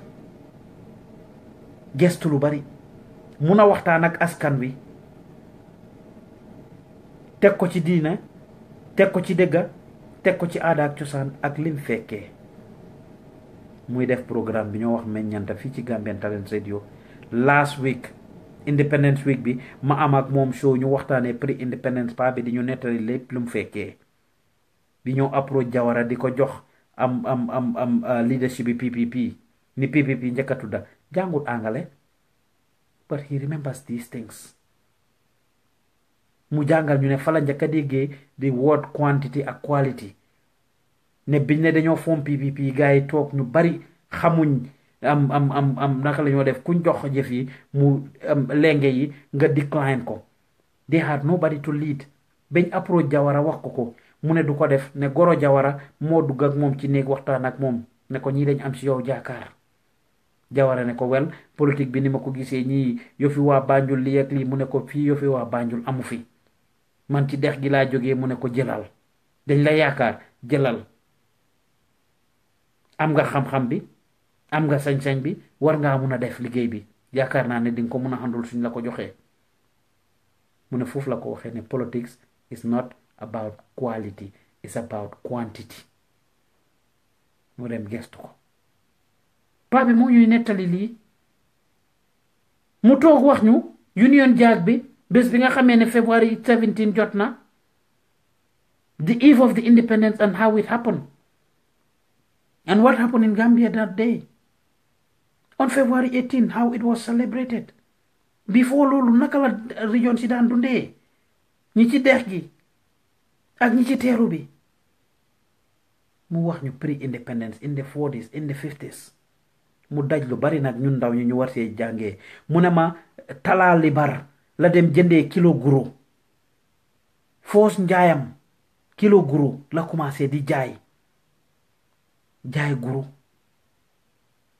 gestu lu bari mun a waxtaan ak askan wi teg ko ci diina teg ko ci dëgga teg ko ci aada ak cosaan ak lim fekkee muy def programme bi ñoo wax meññanta fii ci Gambian Talent Radio last week Independence Week bi ma am ak moom show ñu waxtaanee prix Independence pa bi di ñu nettali lépp lu mu fekkee bi ñoo approche Jawara di ko jox am am am am ah, leadership bi PPP ni PPP njëkk a tudda jàngul angale but he remembers these things mu jàngal ñu ne fala la njëkk a déggee di word quantity ak quality ne biñ ne dañoo foom PPP gars yi toog ñu bari xamuñ am am am am naka la def kuñ jox jëf yi mu lenge yi nga decline ko they had nobody to lead bañ approach Jawara wax ko ko mu ne du ko def ne goro Jawara moo dugg ak moom ci néeg waxtaan ak moom ne ko ñii dañ am si yow jaakaar Jawara ne ko wel politique bi ni ma ko gisee ñii yofi waa Banjul lii ak lii mu ne ko fii yofi waa Banjul amu fi man ci dex gi la joge mu ne ko jëlal dañ la yaakaar jëlal am nga xam-xam bi am nga sañ-sañ bi war ngaa mun a def liggéey bi yaakaar naa ne di ko mun a suñ la ko joxee mu ne foofu la ko waxee ne politics is not about quality is about quantity mu dem gestu ko paa bi moo ñuy nettali lii mu toog wax ñu union jaag bi bés bi nga xamee ne February 17 jot na the eve of the independence and how it happened and what happened in Gambia that day on February 18 how it was celebrated before loolu naka la région si daan dundee ñi ci deex gi ak ñi ci teeru bi mu wax ñu pre independence in the 40s in the 50s mu daj lu bari nag ñun ndaw ñi ñu war see jàngee mu ne ma talaali bar la dem jende kilo guru fos njaayam kilo guru, la commencé di jaay jaay guru,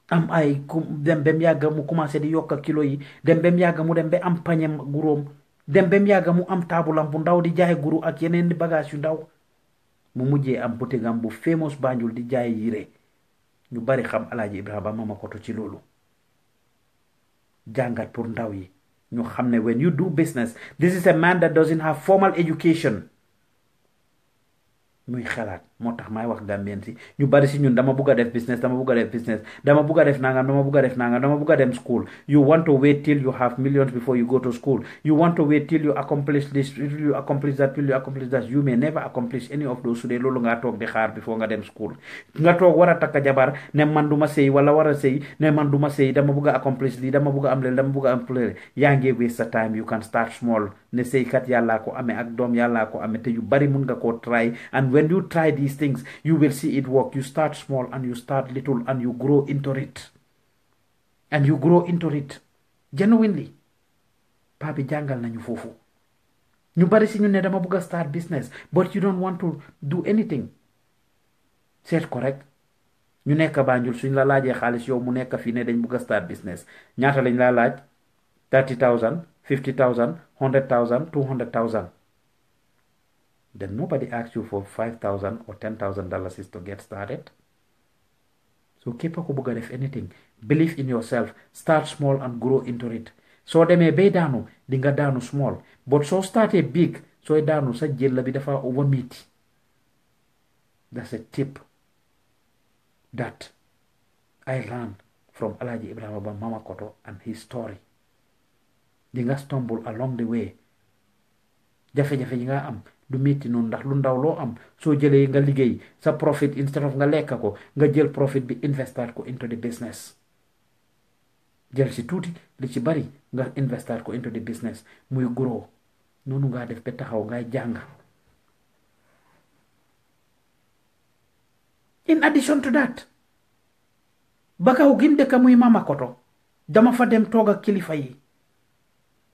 am ay dem bem gamu mu commencé di yokka kilo yi dem bem yàgga mu dem be am pañem guróom dem bem yàgga mu am tabulam pundau ndaw di jaay guru, ak di bagage yu ndaw mu mujjé am botegam bu famous Banjul di jaay yire ñu bari xam alaaji Ibrahima to ci lolu jangat pour ndaw yi when you do business this is a man that doesn't have formal education motax may wax gambien ci ñu bari si ñun dama bugg def business dama bugg def business dama bugg def nangam dama bugg def nangam dama bugg dem school you want to wait till you have millions before you go to school you want to wait till you accomplish this till you accomplish that till you accomplish that you may never accomplish any of those So they nga tok di xaar before nga dem school nga tok wara a jabar ne man duma ma wala wara sey ne man duma ma dama bugg accomplish li dama bugg am le dama bugg am ya nge waste sa time you can start small ne kat yalla ko amé ak yala yalla ko amé te yu bari mun nga ko try and when you try this. these things, you will see it work. You start small and you start little and you grow into it. And you grow into it. Genuinely. Papi jangal na foofu. ñu si start business but you don't want to do anything seet correct? rek ñu nekk Banjul suñ la laje xaalis yow mu nekk fii ne dañ bëgg a start business ñaata lañ laa laaj thirty thousand fifty thousand hundred thousand two hundred thousand then nobody asks you for $5,000 or $10,000 to get started. So keep a kubugan if anything. Believe in yourself. Start small and grow into it. So they may be danu, dinga danu small. But so start a big, so a danu sa jella bidafa over meat. That's a tip that I learned from Alaji Ibrahim Mama Koto and his story. Dinga stumble along the way. Jafe jafe dinga am. du metti non ndax lu ndaw lo am so jele nga liggey sa profit instead of nga lekk nga jël profit bi investar ko into the business jël ci touti li ci bari nga investar ko into the business muy grow nonu nga def be taxaw nga jang in addition to that bakaw gim dëkka muy mama koto dama fa dem toga kilifa yi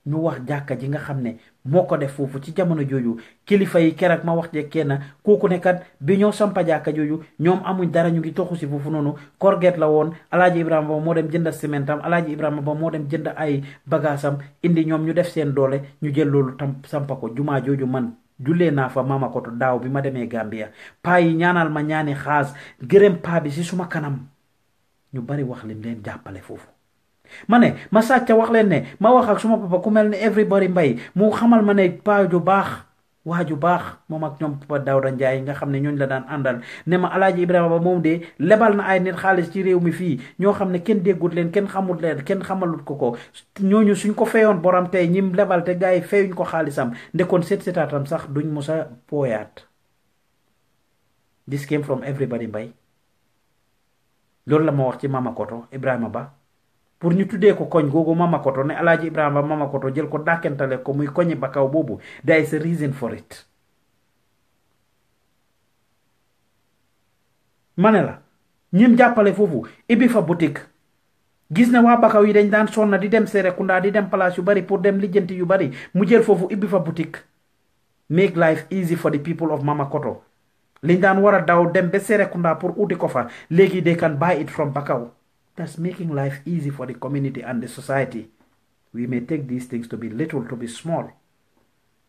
ñu wax jàkka ji nga xam ne moo ko def foofu ci jamono jooju kilifa yi keroog ma wax jeeg na kooku nekkat bi ñoo sampa jàkka jooju ñoom amuñ dara ñu ngi toxu si foofu noonu korget la woon alaaji Ibrahima ba moo dem jënd sementam alaaji Ibrahima ba moo dem jënd ay bagaasam indi ñoom ñu def seen doole ñu jël loolu tam sampa ko jumaa jooju man jullee naa fa maama koto daaw bi ma demee Gambia paa yi ñaanal ma ñaani xaas gërëm paa bi si suma kanam ñu bari wax lim leen jàppale foofu ma ne ma sàcc wax leen ne ma wax ak suma papa ku mel ne everybody mbay mu xamal ma ne paa ju baax waa ju baax moom ak ñoom papa Dawda Njaay nga xam ne ñooñ la daan àndal ne ma alaaji Ibrahima ba moom de lebal na ay nit xaalis ci réew mi fii ñoo xam ne kenn déggut leen kenn xamut leen kenn xamalut ko ko ñooñu suñ ko feyoon boram tey ñim lebal te gars yi feyuñ ko xaalisam ndekoon seet seetaatam sax duñ musa pooyaat this came from everybody mbay loolu la ma wax ci Mama Ibrahima Ba pour ñu tuddee ko koñ googu Mamakoto ne alaaji Ibrahima Mamakoto jël ko dàkkentale ko muy koñi Bakaw boobu there is a reason for it ma ne la ñim jàppale foofu ibbi fa boutique gis ne waa Bakaw yi dañ daan sonna di dem Serekunda di dem place yu bari pour dem lijjanti yu bari mu jël foofu ibbi fa boutique make life easy for the people of Mamakoto liñ daan war a daw dem ba Serekunda pour uti ko fa léegi they can buy it from Bakaw thus making life easy for the community and the society. We may take these things to be little, to be small.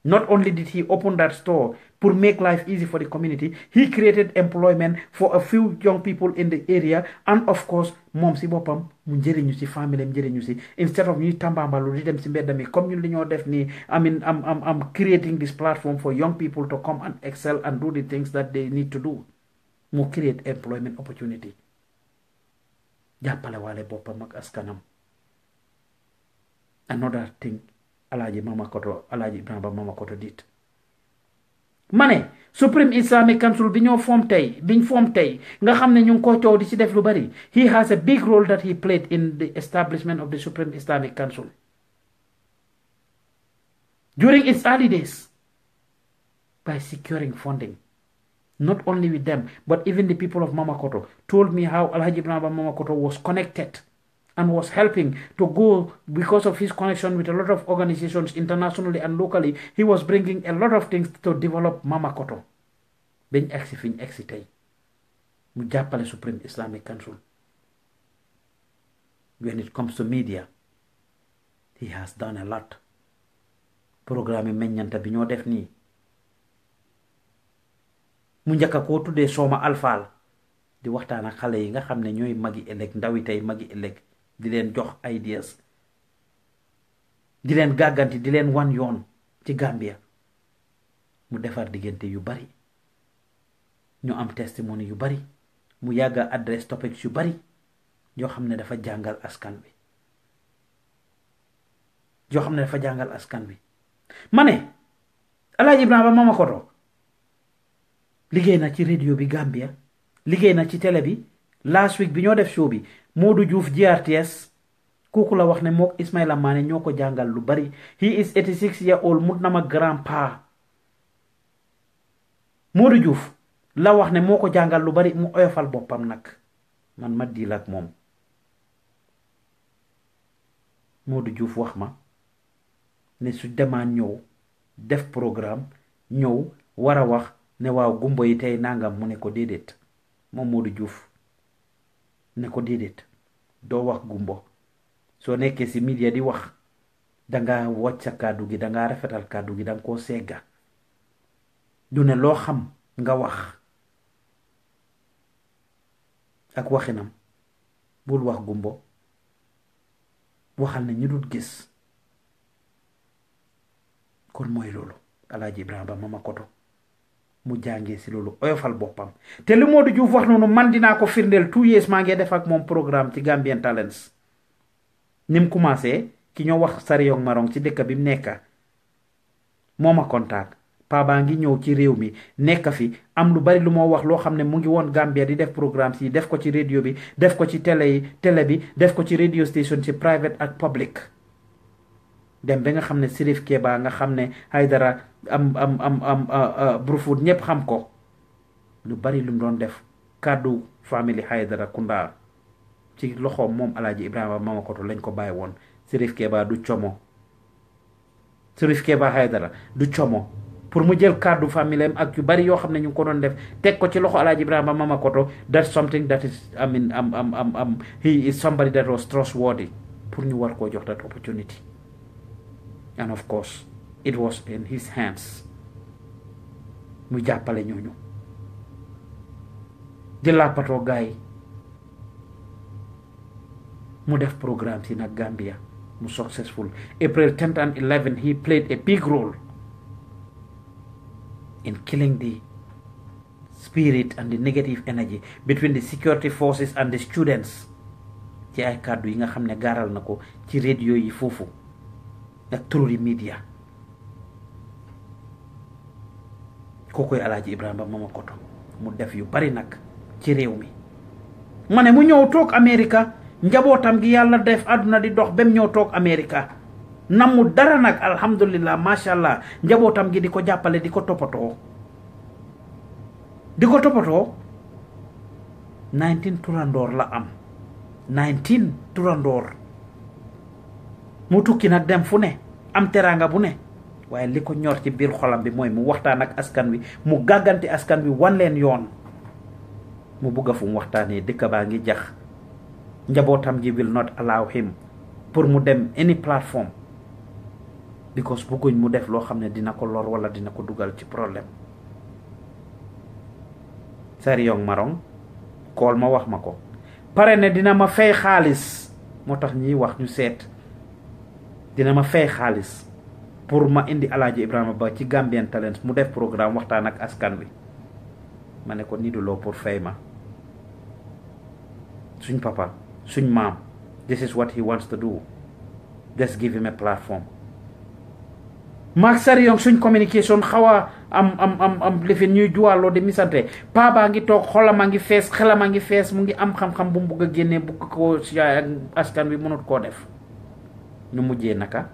Not only did he open that store to make life easy for the community, he created employment for a few young people in the area, and of course, moom si boppam mu family si famille am instead of ñuy tambambalu di dem si mbedd mi comme ñun li ñoo def nii I mean am am am creating this platform for young people to come and excel and do the things that they need to do mu create employment opportunity jàppale waale boppam askanam another thing alaaji koto alaaji ibrahima koto dit Mane supreme islamic council bi form foom tey biñ foom tey nga xam ne ñu ngi ko coow ci def lu bari he has a big role that he played in the establishment of the supreme islamic council during its early days by securing funding not only with them, but even the people of Mamakoto, told me how Alhaji Ibn Abba Mamakoto was connected and was helping to go because of his connection with a lot of organizations internationally and locally. He was bringing a lot of things to develop Mamakoto. bañ agsi fi ñu agsi Supreme Islamic Council when it comes to media he has done a lot Programming many meññanta defni. mu njëkk ko koo soma Alfal. di waxtaan ak xale yi nga ñoy magi elek ndawi tay magi elek. di leen jox ideas di leen gaganti di leen wan yoon ci Gambia mu defar diggante yu bari ñu am testimony yu bari mu yaga address topics yu bari yo xam dafa jangal askan bi yo dafa jangal askan bi mané ala Ibrahima Mama tok liggéey na ci radio bi Gambia liggéey na ci tele bi last week bi ñoo def show bi Modou juuf GRTS kooku la wax ne mook Ismaila Mane ñoo ko jàngal lu bari he is 86 year old mut na ma grand pa Modou Diouf la wax ne moo ko jàngal lu bari mu oyofal boppam nag man ma diil ak moom Modou juuf wax ma ne su demaan ñëw def programme ñëw war a wax ne waaw gumba yi tey nangam mu ne ko déedéet moom Modou Diouf ne ko déedéet doo wax gumba soo nekkee si media di wax danga wàcc sa kàddu gi danga rafetal kàddu gi danga koo segga du ne loo xam nga wax ak waxinam bul wax gumbo waxal na ñu dul gis kon mooy loolu alaaji Ibrahima ba mama koto mu jàngee si loolu oyofal boppam te li Modou Diouf wax noonu man dinaa ko firndeel two years maa ngi def ak moom programme ci Gambian Talents nim mu commencé ki ñoo wax Sariyong Marong ci dëkk bi mu nekk moom a contact paa baa ngi ñëw ci réew mi nekk fi am lu bari lu moo wax loo xam ne mu ngi woon Gambia di def programme yi def ko ci radio bi def ko ci tele yi télé bi def ko ci radio station ci private ak public dem ba nga xam ne Sirif Keba nga xam ne Haydara am am am am Brufut ñëpp xam ko lu bari lu mu doon def kàddu famille Haydara Kunda ci loxoom moom alaaji Ibrahima Mamakoto lañ ko bàyyi woon Serif Keba du como Serif Keba Haydara du como pour mu jël kàddu famille am ak yu bari yoo xam ne ñu ngi ko doon def teg ko ci loxo alaaji Ibrahima Mamakoto that something am am am am he is somebody that was trustworthy pour ñu war koo jox that opportunity and of course it was in his hands Mujapale Nyonyo. ñooñu di làppatoo gaa yi Gambia mu successful April 10th and 11th he played a big role in killing the spirit and the negative energy between the security forces and the students The ay kàddu yi nga xam ne gaaral ci radio yi The ak through the media kookoy alaaji Ibrahima Mama Koto mu def yu bari nag ci réew mi ma ne mu ñëw toog Amerika njabootam gi yàlla def àdduna di dox bem ñëw toog Amerika namu dara nag alhamdulillah macha allah njabootam gi di ko jàppale di ko toppatoo di ko toppatoo 19 turandoor la am 19 turandoor mu tukki nag dem fu ne am teraanga bu ne waye liko ñor ci bir xolam bi moy mu waxtaan ak askan wi mu gaganti askan wi wan len yoon mu bëgg fu mu waxtaanee dëkk jah, ngi jax njabotam ji will not allow him pour mu dem any platform because bëgguñ mu def lo xamné dina ko lor wala dina ko duggal ci problème yong marong kol ma wax mako ko pare dina ma fay xaliss motax ñi wax ñu sét dina ma fay xaliss pour ma indi alaaji ibrahima ba ci Gambian Talents mu def programme waxtaan ak askan wi mané ko ni du pour fayma suñ papa suñ mam, this is what he wants to do just give him a platform maak sari yong suñ communication xawa am am am am am lifi ñuy juwàlloo de misante pa ba ngi tok xolam a ngi fess xelam a ngi fess mu ngi am xam-xam bu mu bugg a bu ko siyaay askan wi mënut ko def ñu mujjé naka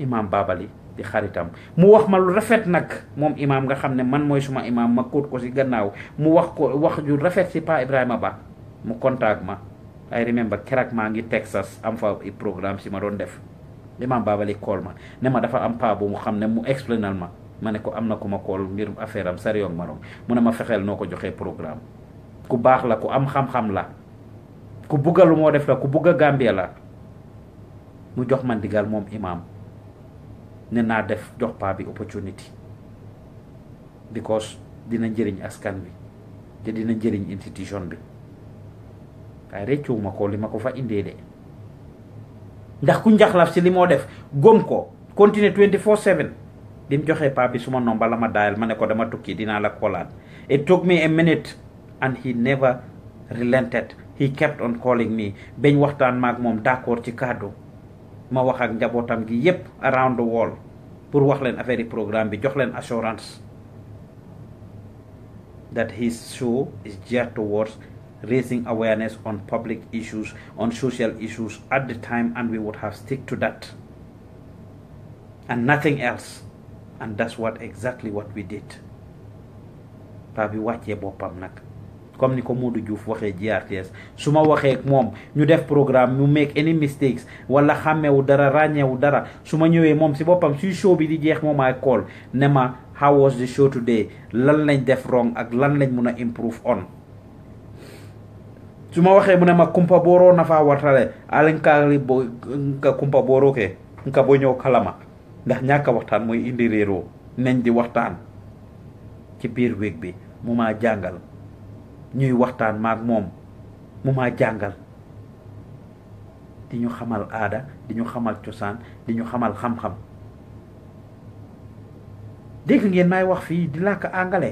imam babali di xaritam mu wax ma lu rafet nag mom imam nga xamne ne man moy suma imam ma kuut ko ci gannaaw mu wax ko wax ju rafet ci pa ibrahima ba mu contact ma I remember kerak ma ngi Texas am fa programme si ma don def imam babali call ma ne ma dafa am pa bu mu xamne ne mu explainal ma mané ko am kuma ku ngir affaire am sari yok marom mu ne ma fexel noko joxe programme ku bax la ku am xam-xam la ku bugal lu def la ku buga Gambia la mu jox man digal mom imam nena def jox pa bi opportunity because dina njëriñ askan bi te dina njëriñ institution bi ay réccuwuma mako li ma fa indee de ndax ku njaxlaf ci limo def gom ko continue 24 7 dim mu pa bi suma nomba la ma daayal ko dama tukki dina la kolat it took me a minute and he never relented he kept on calling me bañ waxtan mak mom d'accord ci cadeau ma wax ak njabootam gi yépp around the world pour wax leen affaire programme bi jox leen assurance that his show is geared towards raising awareness on public issues on social issues at the time and we would have stick to that and nothing else and that's what exactly what we did paa bi wàccee nak. comme ni ko Modou Diouf waxee GRTS su ma waxee ak moom ñu def programme mu make any mistakes wala xàmmewu dara ràññewu dara su ma ñëwee moom si boppam suy show bi di jeex moom ay call ne ma how was the show today lan lañ def wrong ak lan lañ mun a improve on su ma waxee mu ne ma kumpa booroo nafaa wartale alin kaali bo nga kumpa booroo ke nga bo ñëw kalama ndax ñàkk waxtaan mooy indi réeroo nañ di waxtaan ci biir week bi mu maa jàngal ñuy waxtaan maag moom mu maa jàngal di ñu xamal aada di ñu xamal cosaan di ñu xamal xam-xam dégg ngeen may wax fii di làkk angale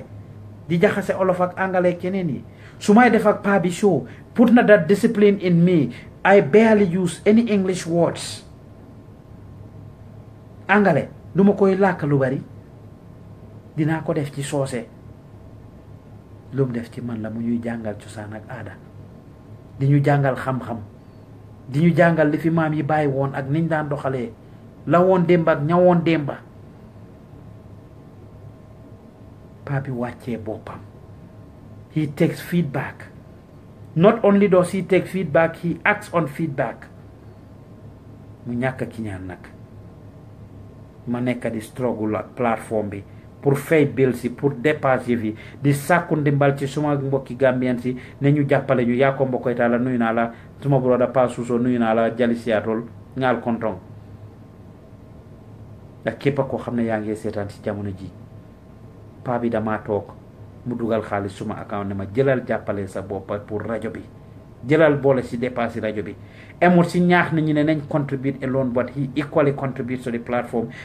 di jaxase olof ak angale keneen yi su may def ak paa bi show put na that discipline in me I barely use any English words angale du ma koy làkk lu bari dinaa ko def ci soose Lum def ci man la mu ñuy ci cosaan ak aada di ñu jangal xam-xam di ñu jangal li fi maam yi bàyyi woon ak niñ daan doxalee la woon démba ak ña woon papi wàccee boppam he takes feedback not only does he take feedback he acts on feedback mu ñàkk ki ñaan nag ma nekk di struggle ak platform bi pour fay bil si pour dépenser fi di sàkku ndimbal ci suma mbokki gambien si ne ñu jàppale ñu yaa ko mbokkoy taala nuyu naa la suma broda Pa Suso nuyu naa la jali siyaatol ngaal konton ak képp koo xam ne yaa ngi seetaan ci jamono ji paa bi dama toog mu dugal xaalis suma account ne ma jëlal jàppale sa bopp pour rajo bi jëlal boole si dépense rajo bi emul si ñaax nañu ne nañ contribute alone but he equally contributes to the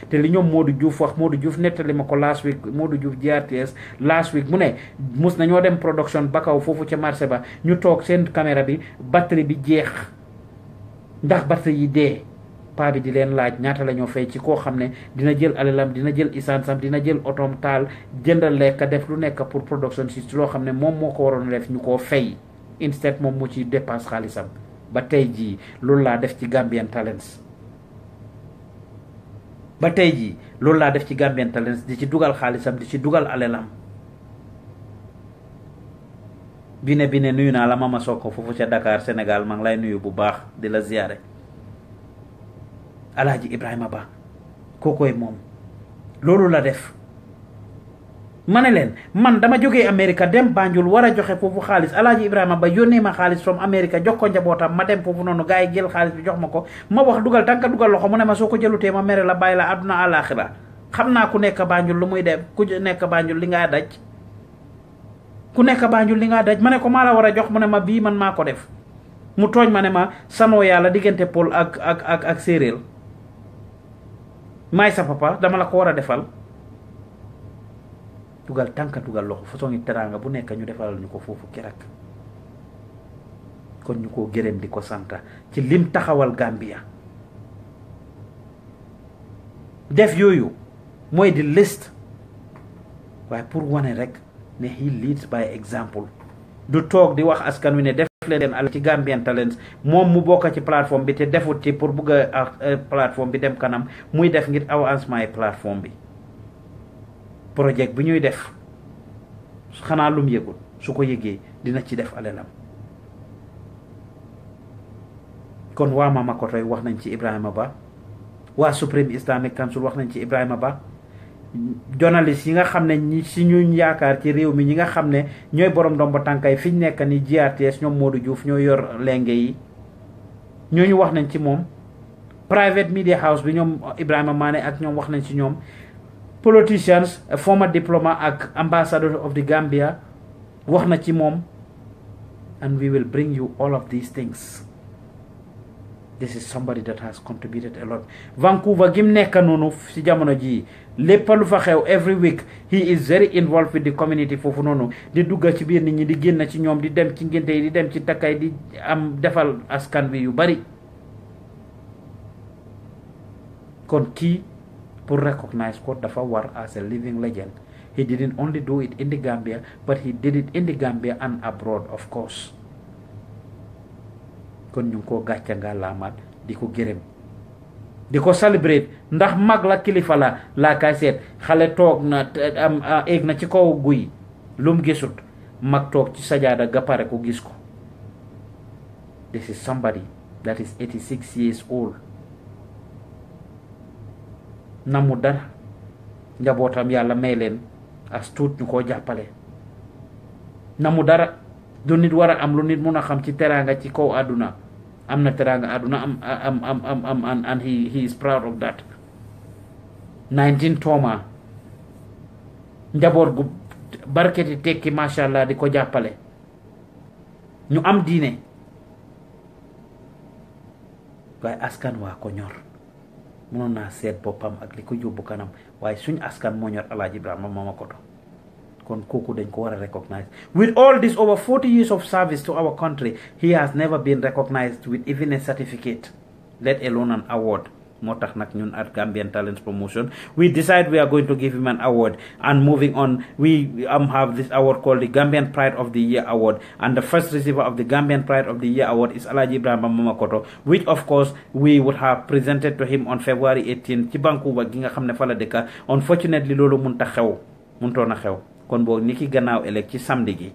te li ñoom Modou Diouf wax Modou Diouf nettali ma ko last week Modou Diouf GRTS last week mu ne mus nañoo dem production ba kaw foofu ca marché ba ñu toog seen caméra bi batterie bi jeex ndax batterie yi dee paa bi di leen laaj ñaata la ñoo fay ci koo xam ne dina jël alalam dina jël isansam dina jël otoom taal jëndal lekka def lu nekk pour production si loo xam ne moom moo ko waroon def ñu koo fay INSET moom moo ci dépense xaalisam ba tey jii loolu laa def ci Gambian Talents ba tey jii loolu laa def ci Gambian Talents di ci dugal xaalisam di ci dugal alelam bine bine nuyu naa la ma mama Soko foofu ca dakaar senegal maa ngi lay nuyu bu baax di la ziyaare Alaaji Ibrahima Ba koo koy moom loolu la def ma ne leen man dama jóge Amérique dem bànjul war a joxe foofu xaalis alaaji Ibrahima ba yónnee ma xaalis from Amérique jox ko njabootam ma dem foofu noonu gars yi jël xaalis bi jox ma ko ma wax dugal tànka dugal loxo mu ne ma soo ko jëlutee ma mere la bàyyi la àdduna xam naa ku nekk Banjul lu muy dem ku nekk Banjul li ngaa daj ku nekk Banjul li ngaa daj ma ne ko maa la war a jox mu ne ma bii man maa ko def mu tooñ ma ne ma sanoo yàlla diggante Pël ak ak ak ak séeréer may sa papa dama la ko war a defal tugal tanka tugal loxo façon teranga bu nekk ñu defal ñu ko ki kerak kon ñu ko gërëm di ko santa ci lim taxawal gambia def yoyu moy di list way pour wone rek ne he leads by example du talk di wax askan wi ne def leen al ci Gambian Talents mom mu bokk ci plateforme bi te defut ci pour bëgg a plateforme bi dem kanam muy def ngir avancement plateforme bi projet bi ñuy def xanaa lum yëgul su ko yégee dina ci def alalam kon waa Mamakotoy wax nañ ci Ibrahima Ba waa Supreme Islamic Council wax nañ ci Ibrahima Ba journaliste yi nga xam ne ñi si ñuñ yaakaar ci réew mi ñi nga xam ne ñooy borom ba tànkaay fi ñu nekk ni GRTS ñoom Modou Diouf ñoo yor lenge yi ñooñu wax nañ ci moom private media house bi ñoom Ibrahima Mané ak ñoom wax nañ ci ñoom politicians a former diplomat ak ambassador of the Gambia wax na ci moom and we will bring you all of these things this is somebody that has contributed a lot Vancouver gim nekk noonu ci jamono jii lépp lu fa xew every week he is very involved with the community foofu noonu di dugga ci biir nit ñi di génn ci ñoom di dem ci ngénte yi di dem ci takkay di am defal askan bi yu bari kon kii pour recognize ko dafa war as a living legend he didn't only do it in the Gambia but he did it in and abroad of course kon ñu ngi koo gàcca nga laamaat di ko gërëm di ko celebrate ndax mag la kilifa la laa kaay seet xale toog na eeg na ci kaw guy lum gisut mag toog ci sajaada ga pare ko gis ko this is somebody that is 86 years old namu dara njabootam yàlla may leen as tuut ñu koo jàppale namu dara du nit war a am lu nit mun a xam ci teraanga ci kaw àdduna am na teraanga àdduna am am am am am and he is proud of that 19 tooma njaboot gu barketi tekki macha allah di ko jàppale ñu am diine waaye askan waa ko ñor mënoon naa seet boppam ak li ko yóbbu kanam waaye suñ askan moo ñor Alaaji Ibrahima Mama Koto kon kooku dañ ko war a recognize with all this over 40 years of service to our country he has never been recognized with even a certificate let alone an award moo ñun at Gambian Talents Promotion we decide we are going to give him an award and moving on we um, have this award called the Gambian Pride of the Year Award and the first receiver of the Gambian Pride of the Year Award is Alaji Ibrahim Mamakoto which of course we would have presented to him on February 18 ci Bankuba gi nga xam unfortunately loolu mun ta xew mun toon a xew kon bo ni gannaaw ëllëg ci samedi gi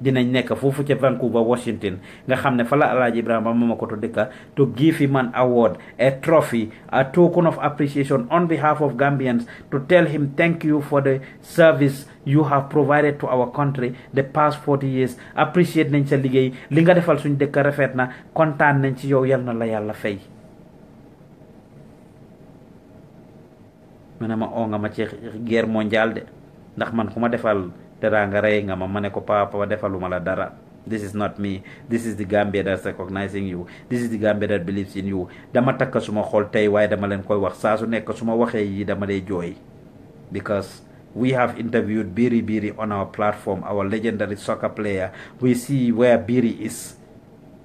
dinañ nek fofu ci Vancouver Washington nga xamne ne fa la Alaaji Ibrahima Mamakoto dëkka to give him an award a trophy a token of appreciation on behalf of Gambians to tell him thank you for the service you have provided to our country the past 40 years appreciate nañ sa liggey li nga defal suñu dekk rafet na kontaan nañ ci yow yal na la yalla fay manama o nga ma ci guerre mondiale de ndax man kuma defal Terangare mamane ko papa defaluma la dara this is not me this is the gambia that's recognizing you this is the gambia that believes in you dama tak suma xol tay way dama len koy wax sa su nek suma waxe yi dama lay joy because we have interviewed Biri Biri on our platform, our legendary soccer player. We see where Biri is.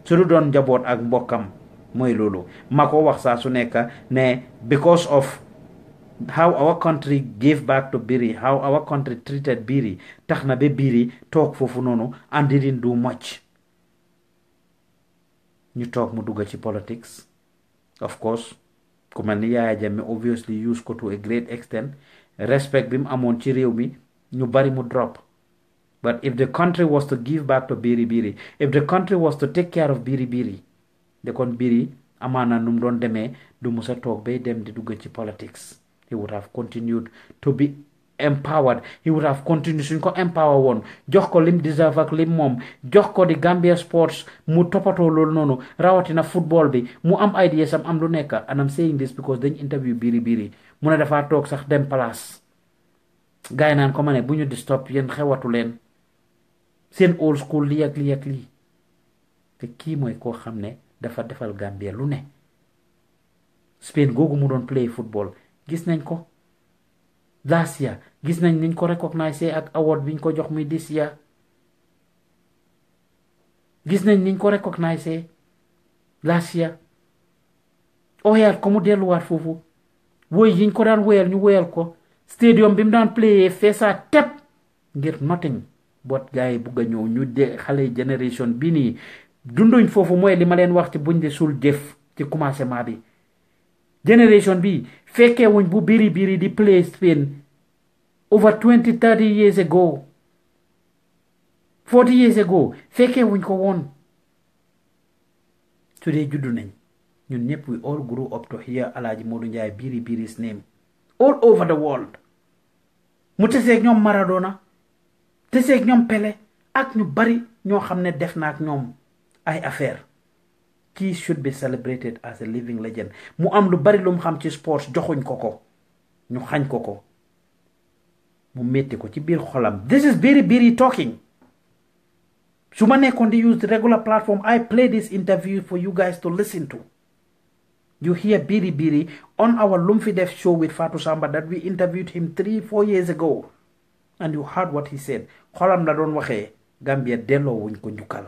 don Jabot ak mbokam moy lolu mako wax sa su ne because of how our country gave back to Biri, how our country treated Biri, tax na ba biiri toog foofu noonu and didn't do much ñu toog mu dugg ci politics of course ku mel ni Yaya Jammeh obviously use ko to a great extent respect bi mu amoon ci réew mi ñu bari mu drop but if the country was to give back to Biri Biri if the country was to take care of Biri Biri de kon Biri amaana nu mu doon demee du musa toog bay dem di dugg ci politics he would have continued to be empowered he would have continued suñ ko empower woon jox ko lim deserve ak lim moom jox ko di Gambia sports mu toppatoo loolu noonu rawatina football bi mu am ideas am am lu nekk and I'm saying this because dañ interview biri biri mu ne dafaa toog sax dem place gars yi naan ko ma ne bu ñu di stop xewatu leen seen old school lii ak lii ak kii mooy koo xam ne dafa defal Gambia lu ne Spain googu mu doon play football gis nañ ko last year gis nañ niñ ko recogniser ak award biñ ko jox muy this year gis nañ niñ ko recogniser last year oyaat ko mu delluwaat foofu woy yiñ ko daan woyal ñu woyal ko stadium bi mu daan playé feesaa tepp ngir nothing boot gars yi bugg a ñëw ñu de xale génération bi nii dunduñ foofu mooy li ma leen wax ci buñ de suul jëf ci commencement bi génération bi fekke wuñ bu biri biri di play Spain over twenty thirty years ago forty wuñ ko woon su dee juddu nañ ñun ñëpp we all grew up to hear Alaaji Modou Njaay biri biri's name all over the world mu teseeg ñoom Maradona teseeg ñoom Pelé ak ñu bari ñoo xam ne def na ak ñoom ay affaire kii should be celebrated as a living legend mu am lu bari lu mu xam ci sports joxuñ ko ko ñu xañ ko ko mu métti ko ci biir xolam this is biri biri talking su ma nekkoon di use the regular platform I play this interview for you guys to listen to you hear biri biri on our Lumfi Def show with Fatou Samba that we interviewed him three four years ago and you heard what he said xolam la doon waxee Gambia delo wuñ ko njukkal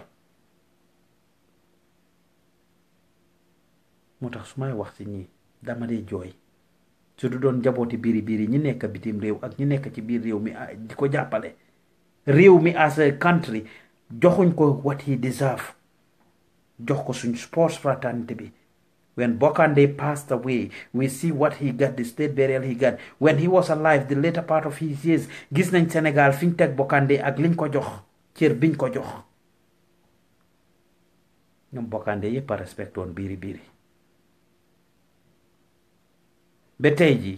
moo tax su may wax ci ñii dama dee jooy su du doon jabooti biiri biiri ñi nekk bitim réew ak ñi nekk ci biir réew mi ah, di ko jàppale réew mi as a country joxuñ ko what he deserve jox ko suñ sports fraternité bi when Bokande passed away, we see what he got, the state burial he got. When he was alive, the later part of his years, gis nañ senegal fi ñu teg Bokande ak liñ ko jox cër biñ ko jox ñoom Bokande yëpp a respecté woon biiri biiri ba tey jii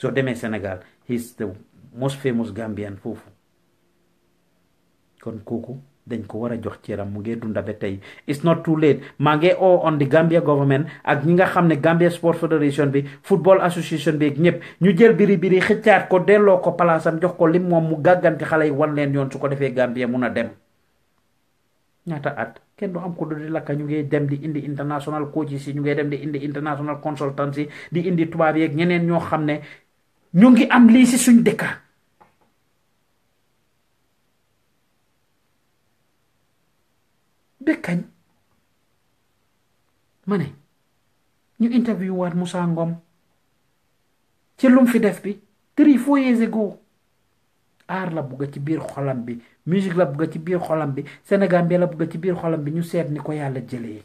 soo demee senegal he's the most famous Gambian foofu kon kooku dañ ko war a jox ceeram mu ngee dunda ba tey it's not too late maa ngi oo on the Gambia government ak ñi nga xam ne Gambia Sport Federation bi football association bi ak ñëpp ñu jël biri biri xëccaat ko delloo ko palaasam jox ko lim moom mu gàgganti xale yi wan leen yoon su ko defee Gambia mun a dem ñaata at kenn du am ko du di lakka ñu ngey dem di indi international coaches yi ñu ngey dem di indi international consultants di indi tubaab yeeg ñeneen ñoo xam ne ñu ngi am lii si suñ dëkka bekkañ ma ne ñu interview waat Moussa Ngom ci lum fi def bi three four years ago ar la bugg ci biir xolam bi musique la bugg ci biir xolam bi bi la bugg ci biir xolam bi ñu seet ni ko yàlla jëlee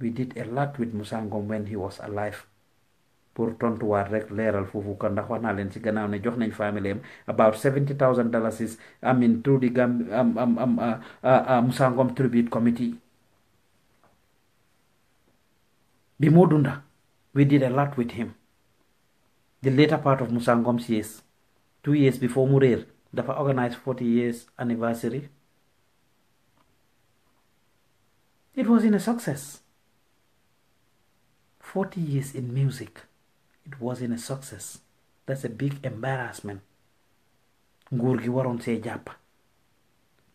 we did a lot with musangom when he was alive pour war rek leral fofu ko ndax wax naa leen si gannaaw ne jox nañ family am about 70000 thousand dollars is I mean through the gam am am am musangom tribute committee bi mo dunda we did a lot with him the later part of Musangom's years two years before mu réer dafa organised forty years anniversary it was in a success forty years in music it was in a success that's a big embarrassment nguur gi waroon japa.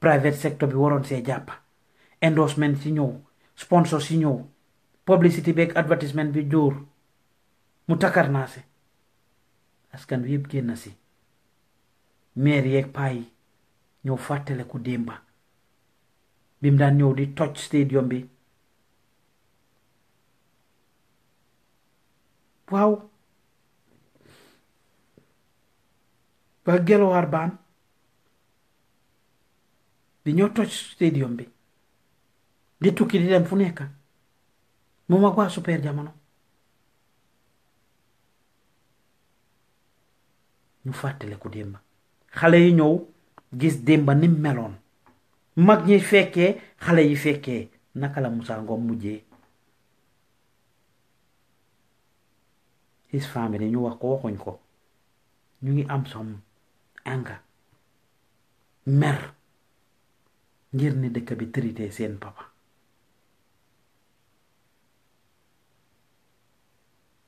private sector bi waroon see japa. endorsement si ñëw sponsor si ñëw publicity big advertisement bi jóor Mutakar nase. askan wi yeb genna si maire yeeg paa yi ñëw fàttaleku démba bim daan ñëw di toj stadium bi waaw waa gelowaar baan di ñëw toj stadium bi di tukki di dem fu nekka moom ak waa super jamono ñu fàttale ku démb xale yi ñëw gis démba ni meloon mag ñi fekkee xale yi fekkee naka la Moussa Ngom mujjee his family ñu wax ko waxuñ ko ñu ngi am som anga mer ngir ni dëkk bi traité seen papa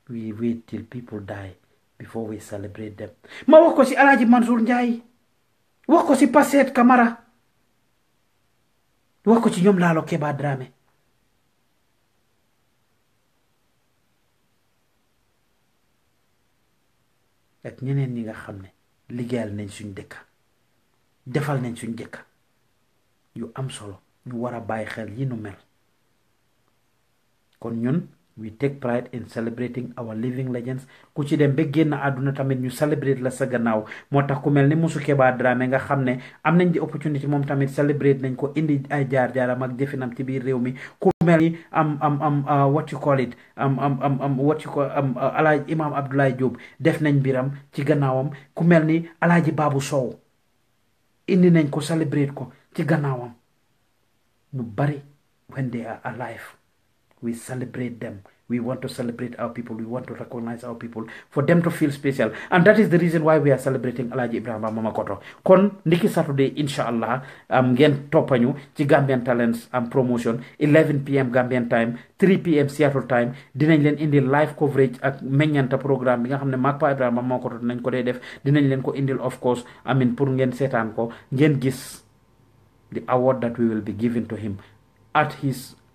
we wait till people die before we celebrate them ma wax ko ci si man Mansour Ndiaye wax ko si Passet kamara wax ko ci ñoom Laalo Keba Dramé ak ñeneen ñi nga xam ne liggéeyal nañ suñ dëkk defal nañ suñ dëkk yu am solo ñu war a bàyyi xel yi nu mel kon ñun we take pride in celebrating our living legends ku ci dem ba génn àdduna tamit ñu celebrate la sa gannaaw moo tax ku mel ni Musu Keba Dramé nga xam ne am nañ di opportunity moom tamit celebrate nañ ko indi ay jaar-jaaram ak jëfinam ci biir réew mi ku mel ni am am am uh, what you call it am am am am what am uh, alaaj Imam Abdoulaye Diop def nañ biram ci gannaawam ku mel ni alaaji Baabu Sow indi nañ ko celebrate ko ci gannaawam nu bari when they we celebrate them we want to celebrate our people we want to recognize our people for them to feel special and that is the reason why we are celebrating Alhaji Ibrahima Mamakoto kon ndiki Saturday insha allah am ngeen toppañu ci Gambian Talents am promotion 11 pm Gambian time 3 pm Seattle time dinañ leen indi live coverage ak meññanta programme bi nga xam ne maag Pa Ibrahima Mamakoto dinañ ko dee def dinañ leen ko indil of course amin pour ngeen seetaan ko ngeen gis the award that we will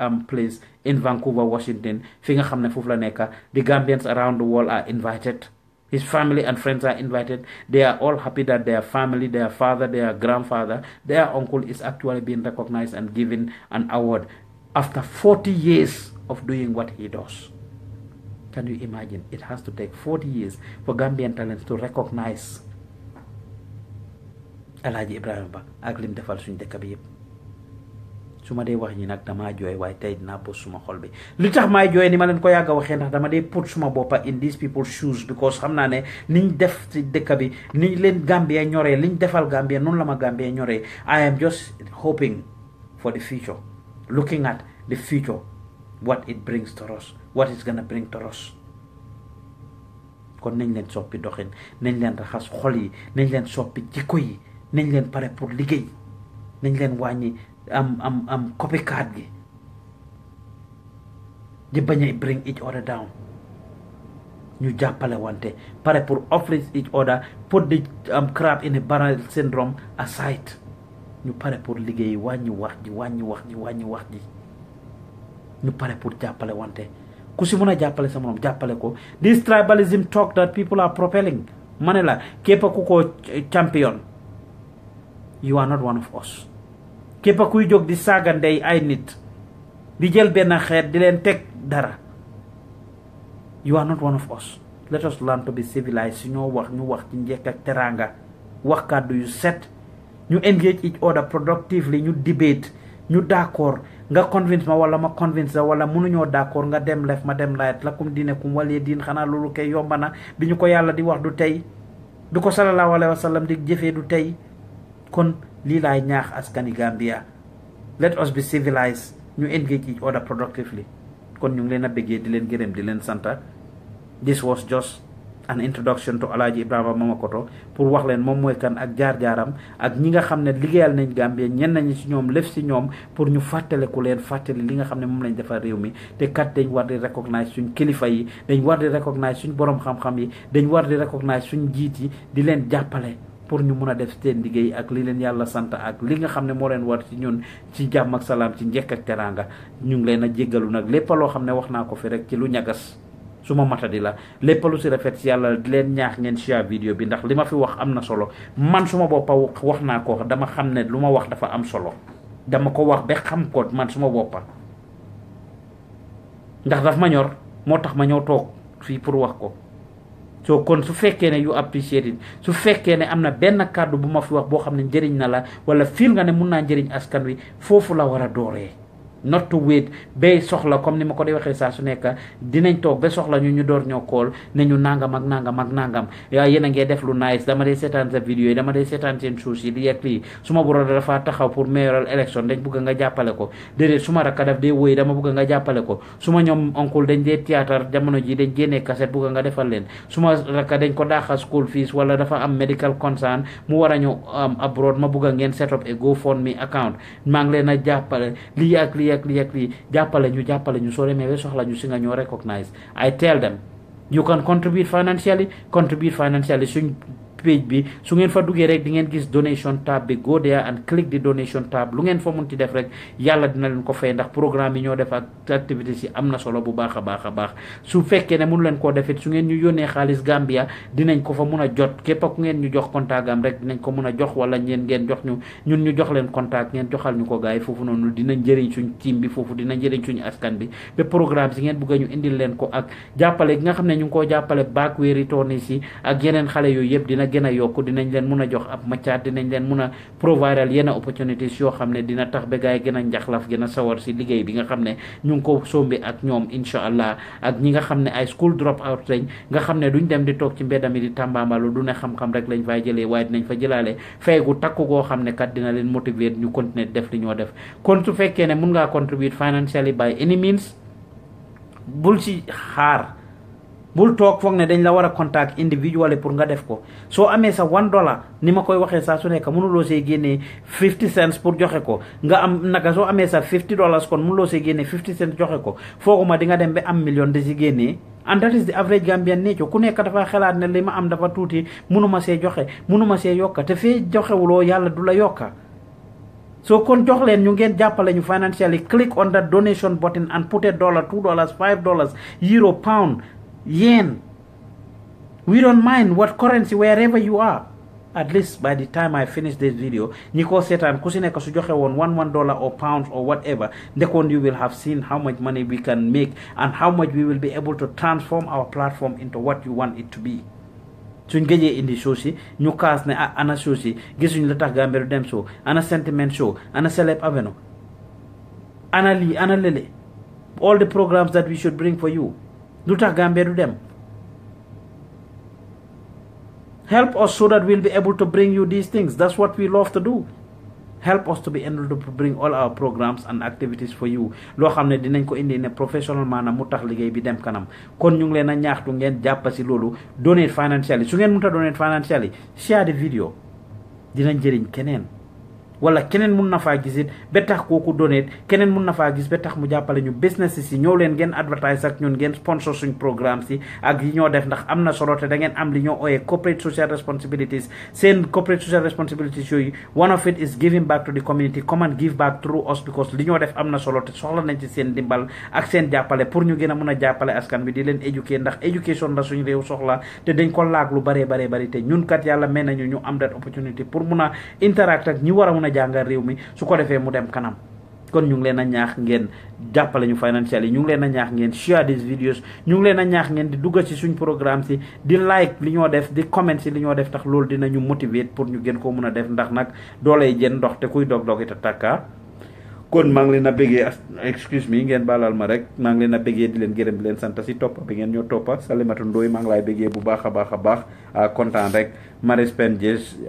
um, place in Vancouver, Washington fi nga the Gambians around the world are invited his family and friends are invited they are all happy that their family their father their grandfather their uncle is actually being recognized and given an award after 40 years of doing what he does can you imagine it has to take 40 years for Gambian talents to recognize Alhaji Ibrahima suma day wax ni nak dama joy way tay dina bo suma xol bi li tax maay ni ma ko yàgg dama day put suma bopa in these people shoes because xamna ne niñ def ci dekk bi niñ len Gambia ñoré liñ defal Gambia non la ma Gambia ñoré I am just hoping for the future looking at the future what it brings to us what it's gonna bring to us kon nañ len soppi doxin nañ len raxas xol yi nañ len soppi jikko yi nañ len pare pour liggéey nañ len wañi am am am gi di bañ a bring each other down ñu jàppale wante pare pour offrir each other put the um, crab in a barrel syndrome aside ñu pare pour liggéey wàññi wax ji wàññi wax ji wàññi wax ji ñu pare pour jàppale wante ku si mën a jàppale sa morom jàppale ko this tribalism talk that people are propelling ma la képp ku ko champion you are not one of us képp a kuy jóg di sagan day ay nit di jël benn xeet di leen teg dara you are not one of us let us learn to be civilized You know wax ñu wax ci njekk ak teranga wax kàddu yu set ñu engage each other productively ñu debate ñu d'accord nga convince ma wala ma convince la wala mënuñoo d'accord nga dem lef ma dem layet la kum diine kum walee diin xanaa loolu kay yomba na bi ñu ko yàlla di wax du tey du ko sallallahu alayhi wa sallam di jëfee du tey kon lii laay ñaax askan askani Gambia let us be civilized ñu engage each other productively kon ñu ngi leen a bëggee di leen gërëm di leen santa this was just an introduction to Alhaji Ibrahima Mamakoto pour wax leen moom mooy kan ak jaar-jaaram ak ñi nga xam ne liggéeyal nañ Gambie ñenn nañu ci ñoom lëf ci ñoom pour ñu fàttaliku leen fàttali li nga xam ne moom lañu defar réew mi te kat dañ war di recognize suñ kilifa yi dañ war di recognize suñ borom xam yi dañ war di recognize suñ jiit yi di leen jàppale pour ñu mëna def seen liggéey ak li leen yàlla sant ak li nga xam ne moo leen war ci ñun ci jàmm ak salaam ci njekk ak teranga ñu ngi leen a jéggalu nag lépp loo xam ne wax naa ko fi rek ci lu ñagas suma di la lépp lu si rafet si yàlla di leen ñaax ngeen vidéo bi ndax li fi wax am solo man suma boppa wax naa ko dama xam ne lu ma wax dafa am solo dama ko wax ba xam ko man suma boppa ndax daf ma ñor moo ma ñëw toog fii pour wax ko so kon su fekkee ne yu apprécié su fekkee ne am na benn kàddu bu ma fi wax boo xam ne njëriñ na la wala fiil nga ne mun naa njëriñ askan wi foofu la war a dooree not to wait bay soxla comme ni ma ko dee waxee saa su nekk dinañ toog ba soxla ñu ñu door ñoo kool ne ñu nangam ak nangam ak nangam yaa yéen ngee def lu nice dama dee seetaan sa vidéo yi dama dee seetaan seen suus yi li yegg lii su ma broda dafa taxaw nga jàppale ko déedéet su ma rakka daf dee wóoy dama bëgg nga jàppale ko su ma ñoom oncle dañ dee théâtre jamono ji dañ génnee cassette bëgg nga defal leen su ma rakka dañ ko daaxa school fees wala dafa am medical concern mu war a ñu abroad ma bëgg ngeen set up a GoFundMe account a lii a lii ak lii jàppale ñu jàppale ñu soo demee ba soxla ñu si nga I tell them you can contribute financially contribute financially page bi su ngeen fa duggee rek di ngeen gis donation tab bi go there and click di donation tab lu ngeen fa mun ti def rek yàlla dina leen ko fay ndax programme yi ñoo def ak ñu yónnee xaalis Gambia dinañ ko fa mun a jot képp ku ngeen ñu jox contact am rek dinañ ko mun a jox wala ñeen ngeen ñu ko gars yi foofu noonu dina njëriñ suñ team bi foofu bi ba programme si ngeen bëgg ñu indil jàppale nga xam ne ñu ngi koo jàppale back way returnees ak yeneen xale yooyu yëpp dina gën a yokk dinañ leen mun a jox ab macaat dinañ leen mun a proviral yenn opportunities yoo xam ne dina tax ba gars yi gën a njaxlaf gën a sawar si liggéey bi nga xam ne ñu ko sombi ak ñoom incha allah ak ñi nga xam ne ay school drop out lañ nga xam ne duñ dem di toog ci mbedd di tàmbaambalu du ne xam-xam rek lañ fay jëlee waaye dinañ fa jëlaale faygu takku goo xam ne kat dina leen motiver ñu continuer def li ñoo def kon su fekkee ne mun ngaa bul toog foog ne dañ la war a contact individually pour nga def ko soo amee sa one dollar ni ma koy waxee saa su nekk mënuloo see génnee fifty cents pour joxe ko nga am naka soo amee sa fifty dollars kon mënuloo see génnee fifty cents joxe ko fooguma di nga dem ba am million di si génnee and that is the average Gambian nature ku nekk dafa xalaat ne li ma am dafa tuuti mënuma see joxe mënuma see yokka te fee joxewuloo yàlla du la yokka so kon jox leen ñu ngeen jàppale ñu financially click on that donation button and put a dollar two dollars five dollars euro pound yen. We don't mind what currency, wherever you are. At least by the time I finish this video, Nico Setan, Kusine Kasujoke won one one dollar or pounds or whatever. one, you will have seen how much money we can make and how much we will be able to transform our platform into what you want it to be. engage in the show si ñu kaas ne ana show si gisuñ la tax dem show ana sentiment show ana Celeb Avenue ana lii ana lële all the programs that we should bring for you lu gambe du dem help us so that we'll be able to bring you these things that's what we love to do help us to be able to bring all our programs and activities for you lo xamne dinañ ko indi ne professional manam mu tax liggéey bi dem kanam kon ñu ngi leena ñaax ñaaxtu ngeen jàpp si loolu donate financially su ngeen ta donate financially share the video dinañ jëriñ keneen wala keneen mun na faa gisit ba tax kooku donate keneen mun na faa gis ba tax mu jàppale ñu business si ñëw leen ngeen advertise ak ñun ngeen sponsor suñ programme si ak yi ñoo def ndax am na solo te da ngeen am li ñoo ooyee corporate social responsibilities seen corporate social responsibilities yooyu one of it is giving back to the community come and give back through us because li ñoo def am na solo te soxla nañ ci seen dimbal ak seen jàppale pour ñu gën a mun a jàppale askan bi di leen éduquer ndax éducation la suñ réew soxla a jàngal réew mi su ko defee mu dem kanam kon ñu ngi leen a ñaax ngeen jàppale ñu financial yi ñu ngi leen a ñaax ngeen share these videos ñu ngi leen a ñaax ngeen di dugga ci suñu programme si di like li ñoo def di comment si li ñoo def tax loolu dinañu motiver pour ñu gën koo mën a def ndax nag dooley jën ndox te kuy dog dog it a tàkka kon mang begi, leen a excuse me, ngeen baalal ma rek mang begi leen a bëggee di leen gërëm di leen sant si topp bi ngeen ñoo toppa Salimata Ndoye maa ngi laay bëggee bu baax a baax a baax kontaan rek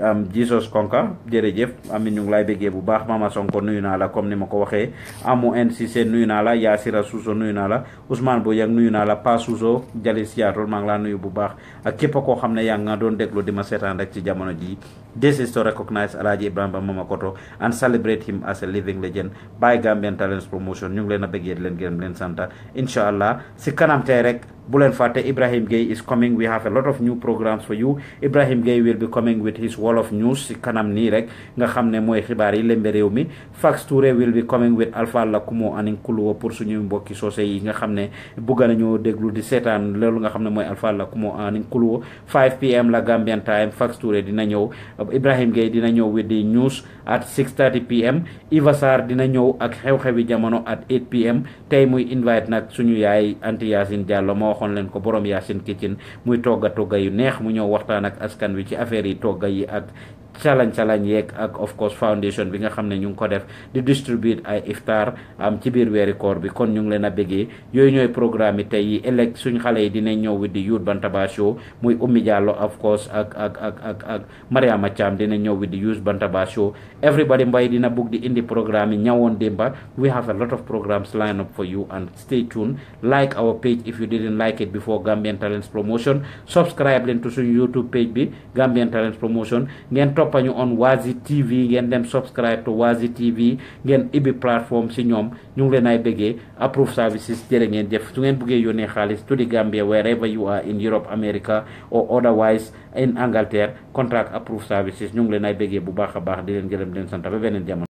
am Jesus Konka jërëjëf amin ñu ngi begi bëggee bu baax Mama Sonko nuyu naa la comme ni ma ko waxee Amu NCC nuyu naa la Yaasira Suso nuyu naa la Ousmane Boyang nuyu naa la Pa Suso jali Yaatol mang laa nuyu bu baax ak képp ko xam ne nga doon déglu di ma seetaan rek ci jamono ji This is to recognize Alaji Ibrahim Mamakoto and celebrate him as a living legend by Gambian Talents Promotion ñu ngi leen a bëggee leen gërëm leen santa incha allah si kanam tey rek bu leen fàtte Ibrahim Gaye is coming we have a lot of new programs for you Ibrahim Gaye will be coming with his wall of news si kanam nii rek nga xam ne mooy xibaar yi lembe réew mi Fax Touré will be coming with Alpha Lakumo and Nkuluwa pour suñuy mbokki soose yi nga xam ne bugga nañoo déglu di seetaan loolu nga xam ne mooy Alpha Lakumo and Nkuluwa 5 pm la Gambian time Fax Touré dina ñëw Ibrahim Gaye dina ñëw with the news at 6:30 pm Iva Sarr dina ñëw ak xew-xewi jamono at 8 tey muy invite nag suñu yaay Anti waxoon leen ko borom Yacine Kitchen muy togga togga yu neex mu ñëw waxtaan ak askan wi ci affaire yi togga yi ak challenge challenge yeeg ak of course foundation bi nga xam ne ñu ngi ko def di distribute ay iftar am ci biir weeri koor bi kon ñu ngi leen a bëggee yooyu ñooy programme yi tey yi ëllëg suñ xale yi dina ñëw with the youth Bantaba show muy Oumy Jallow of course ak ak ak ak ak Mariama Cham dinañ ñëw with the youth Bantaba show everybody mbay dina bugg di indi programme yi ñawoon démba we have a lot of programs lined up for you and stay tuned like our page if you didn't like it before Gambian Talents Promotion subscribe leen to suñ YouTube page toppañu on Wazi TV ngeen dem subscribe to Wazi TV ngeen ibi platform si ñoom ñu ngi leen ay bëggee approve services jërë ngeen jëf su ngeen bëggee yónnee xaalis to the Gambia wherever you are in Europe America or otherwise in Angleterre contract approve services ñu ngi leen ay bëggee bu baax a baax di leen gërëm di leen sant ba beneen jamono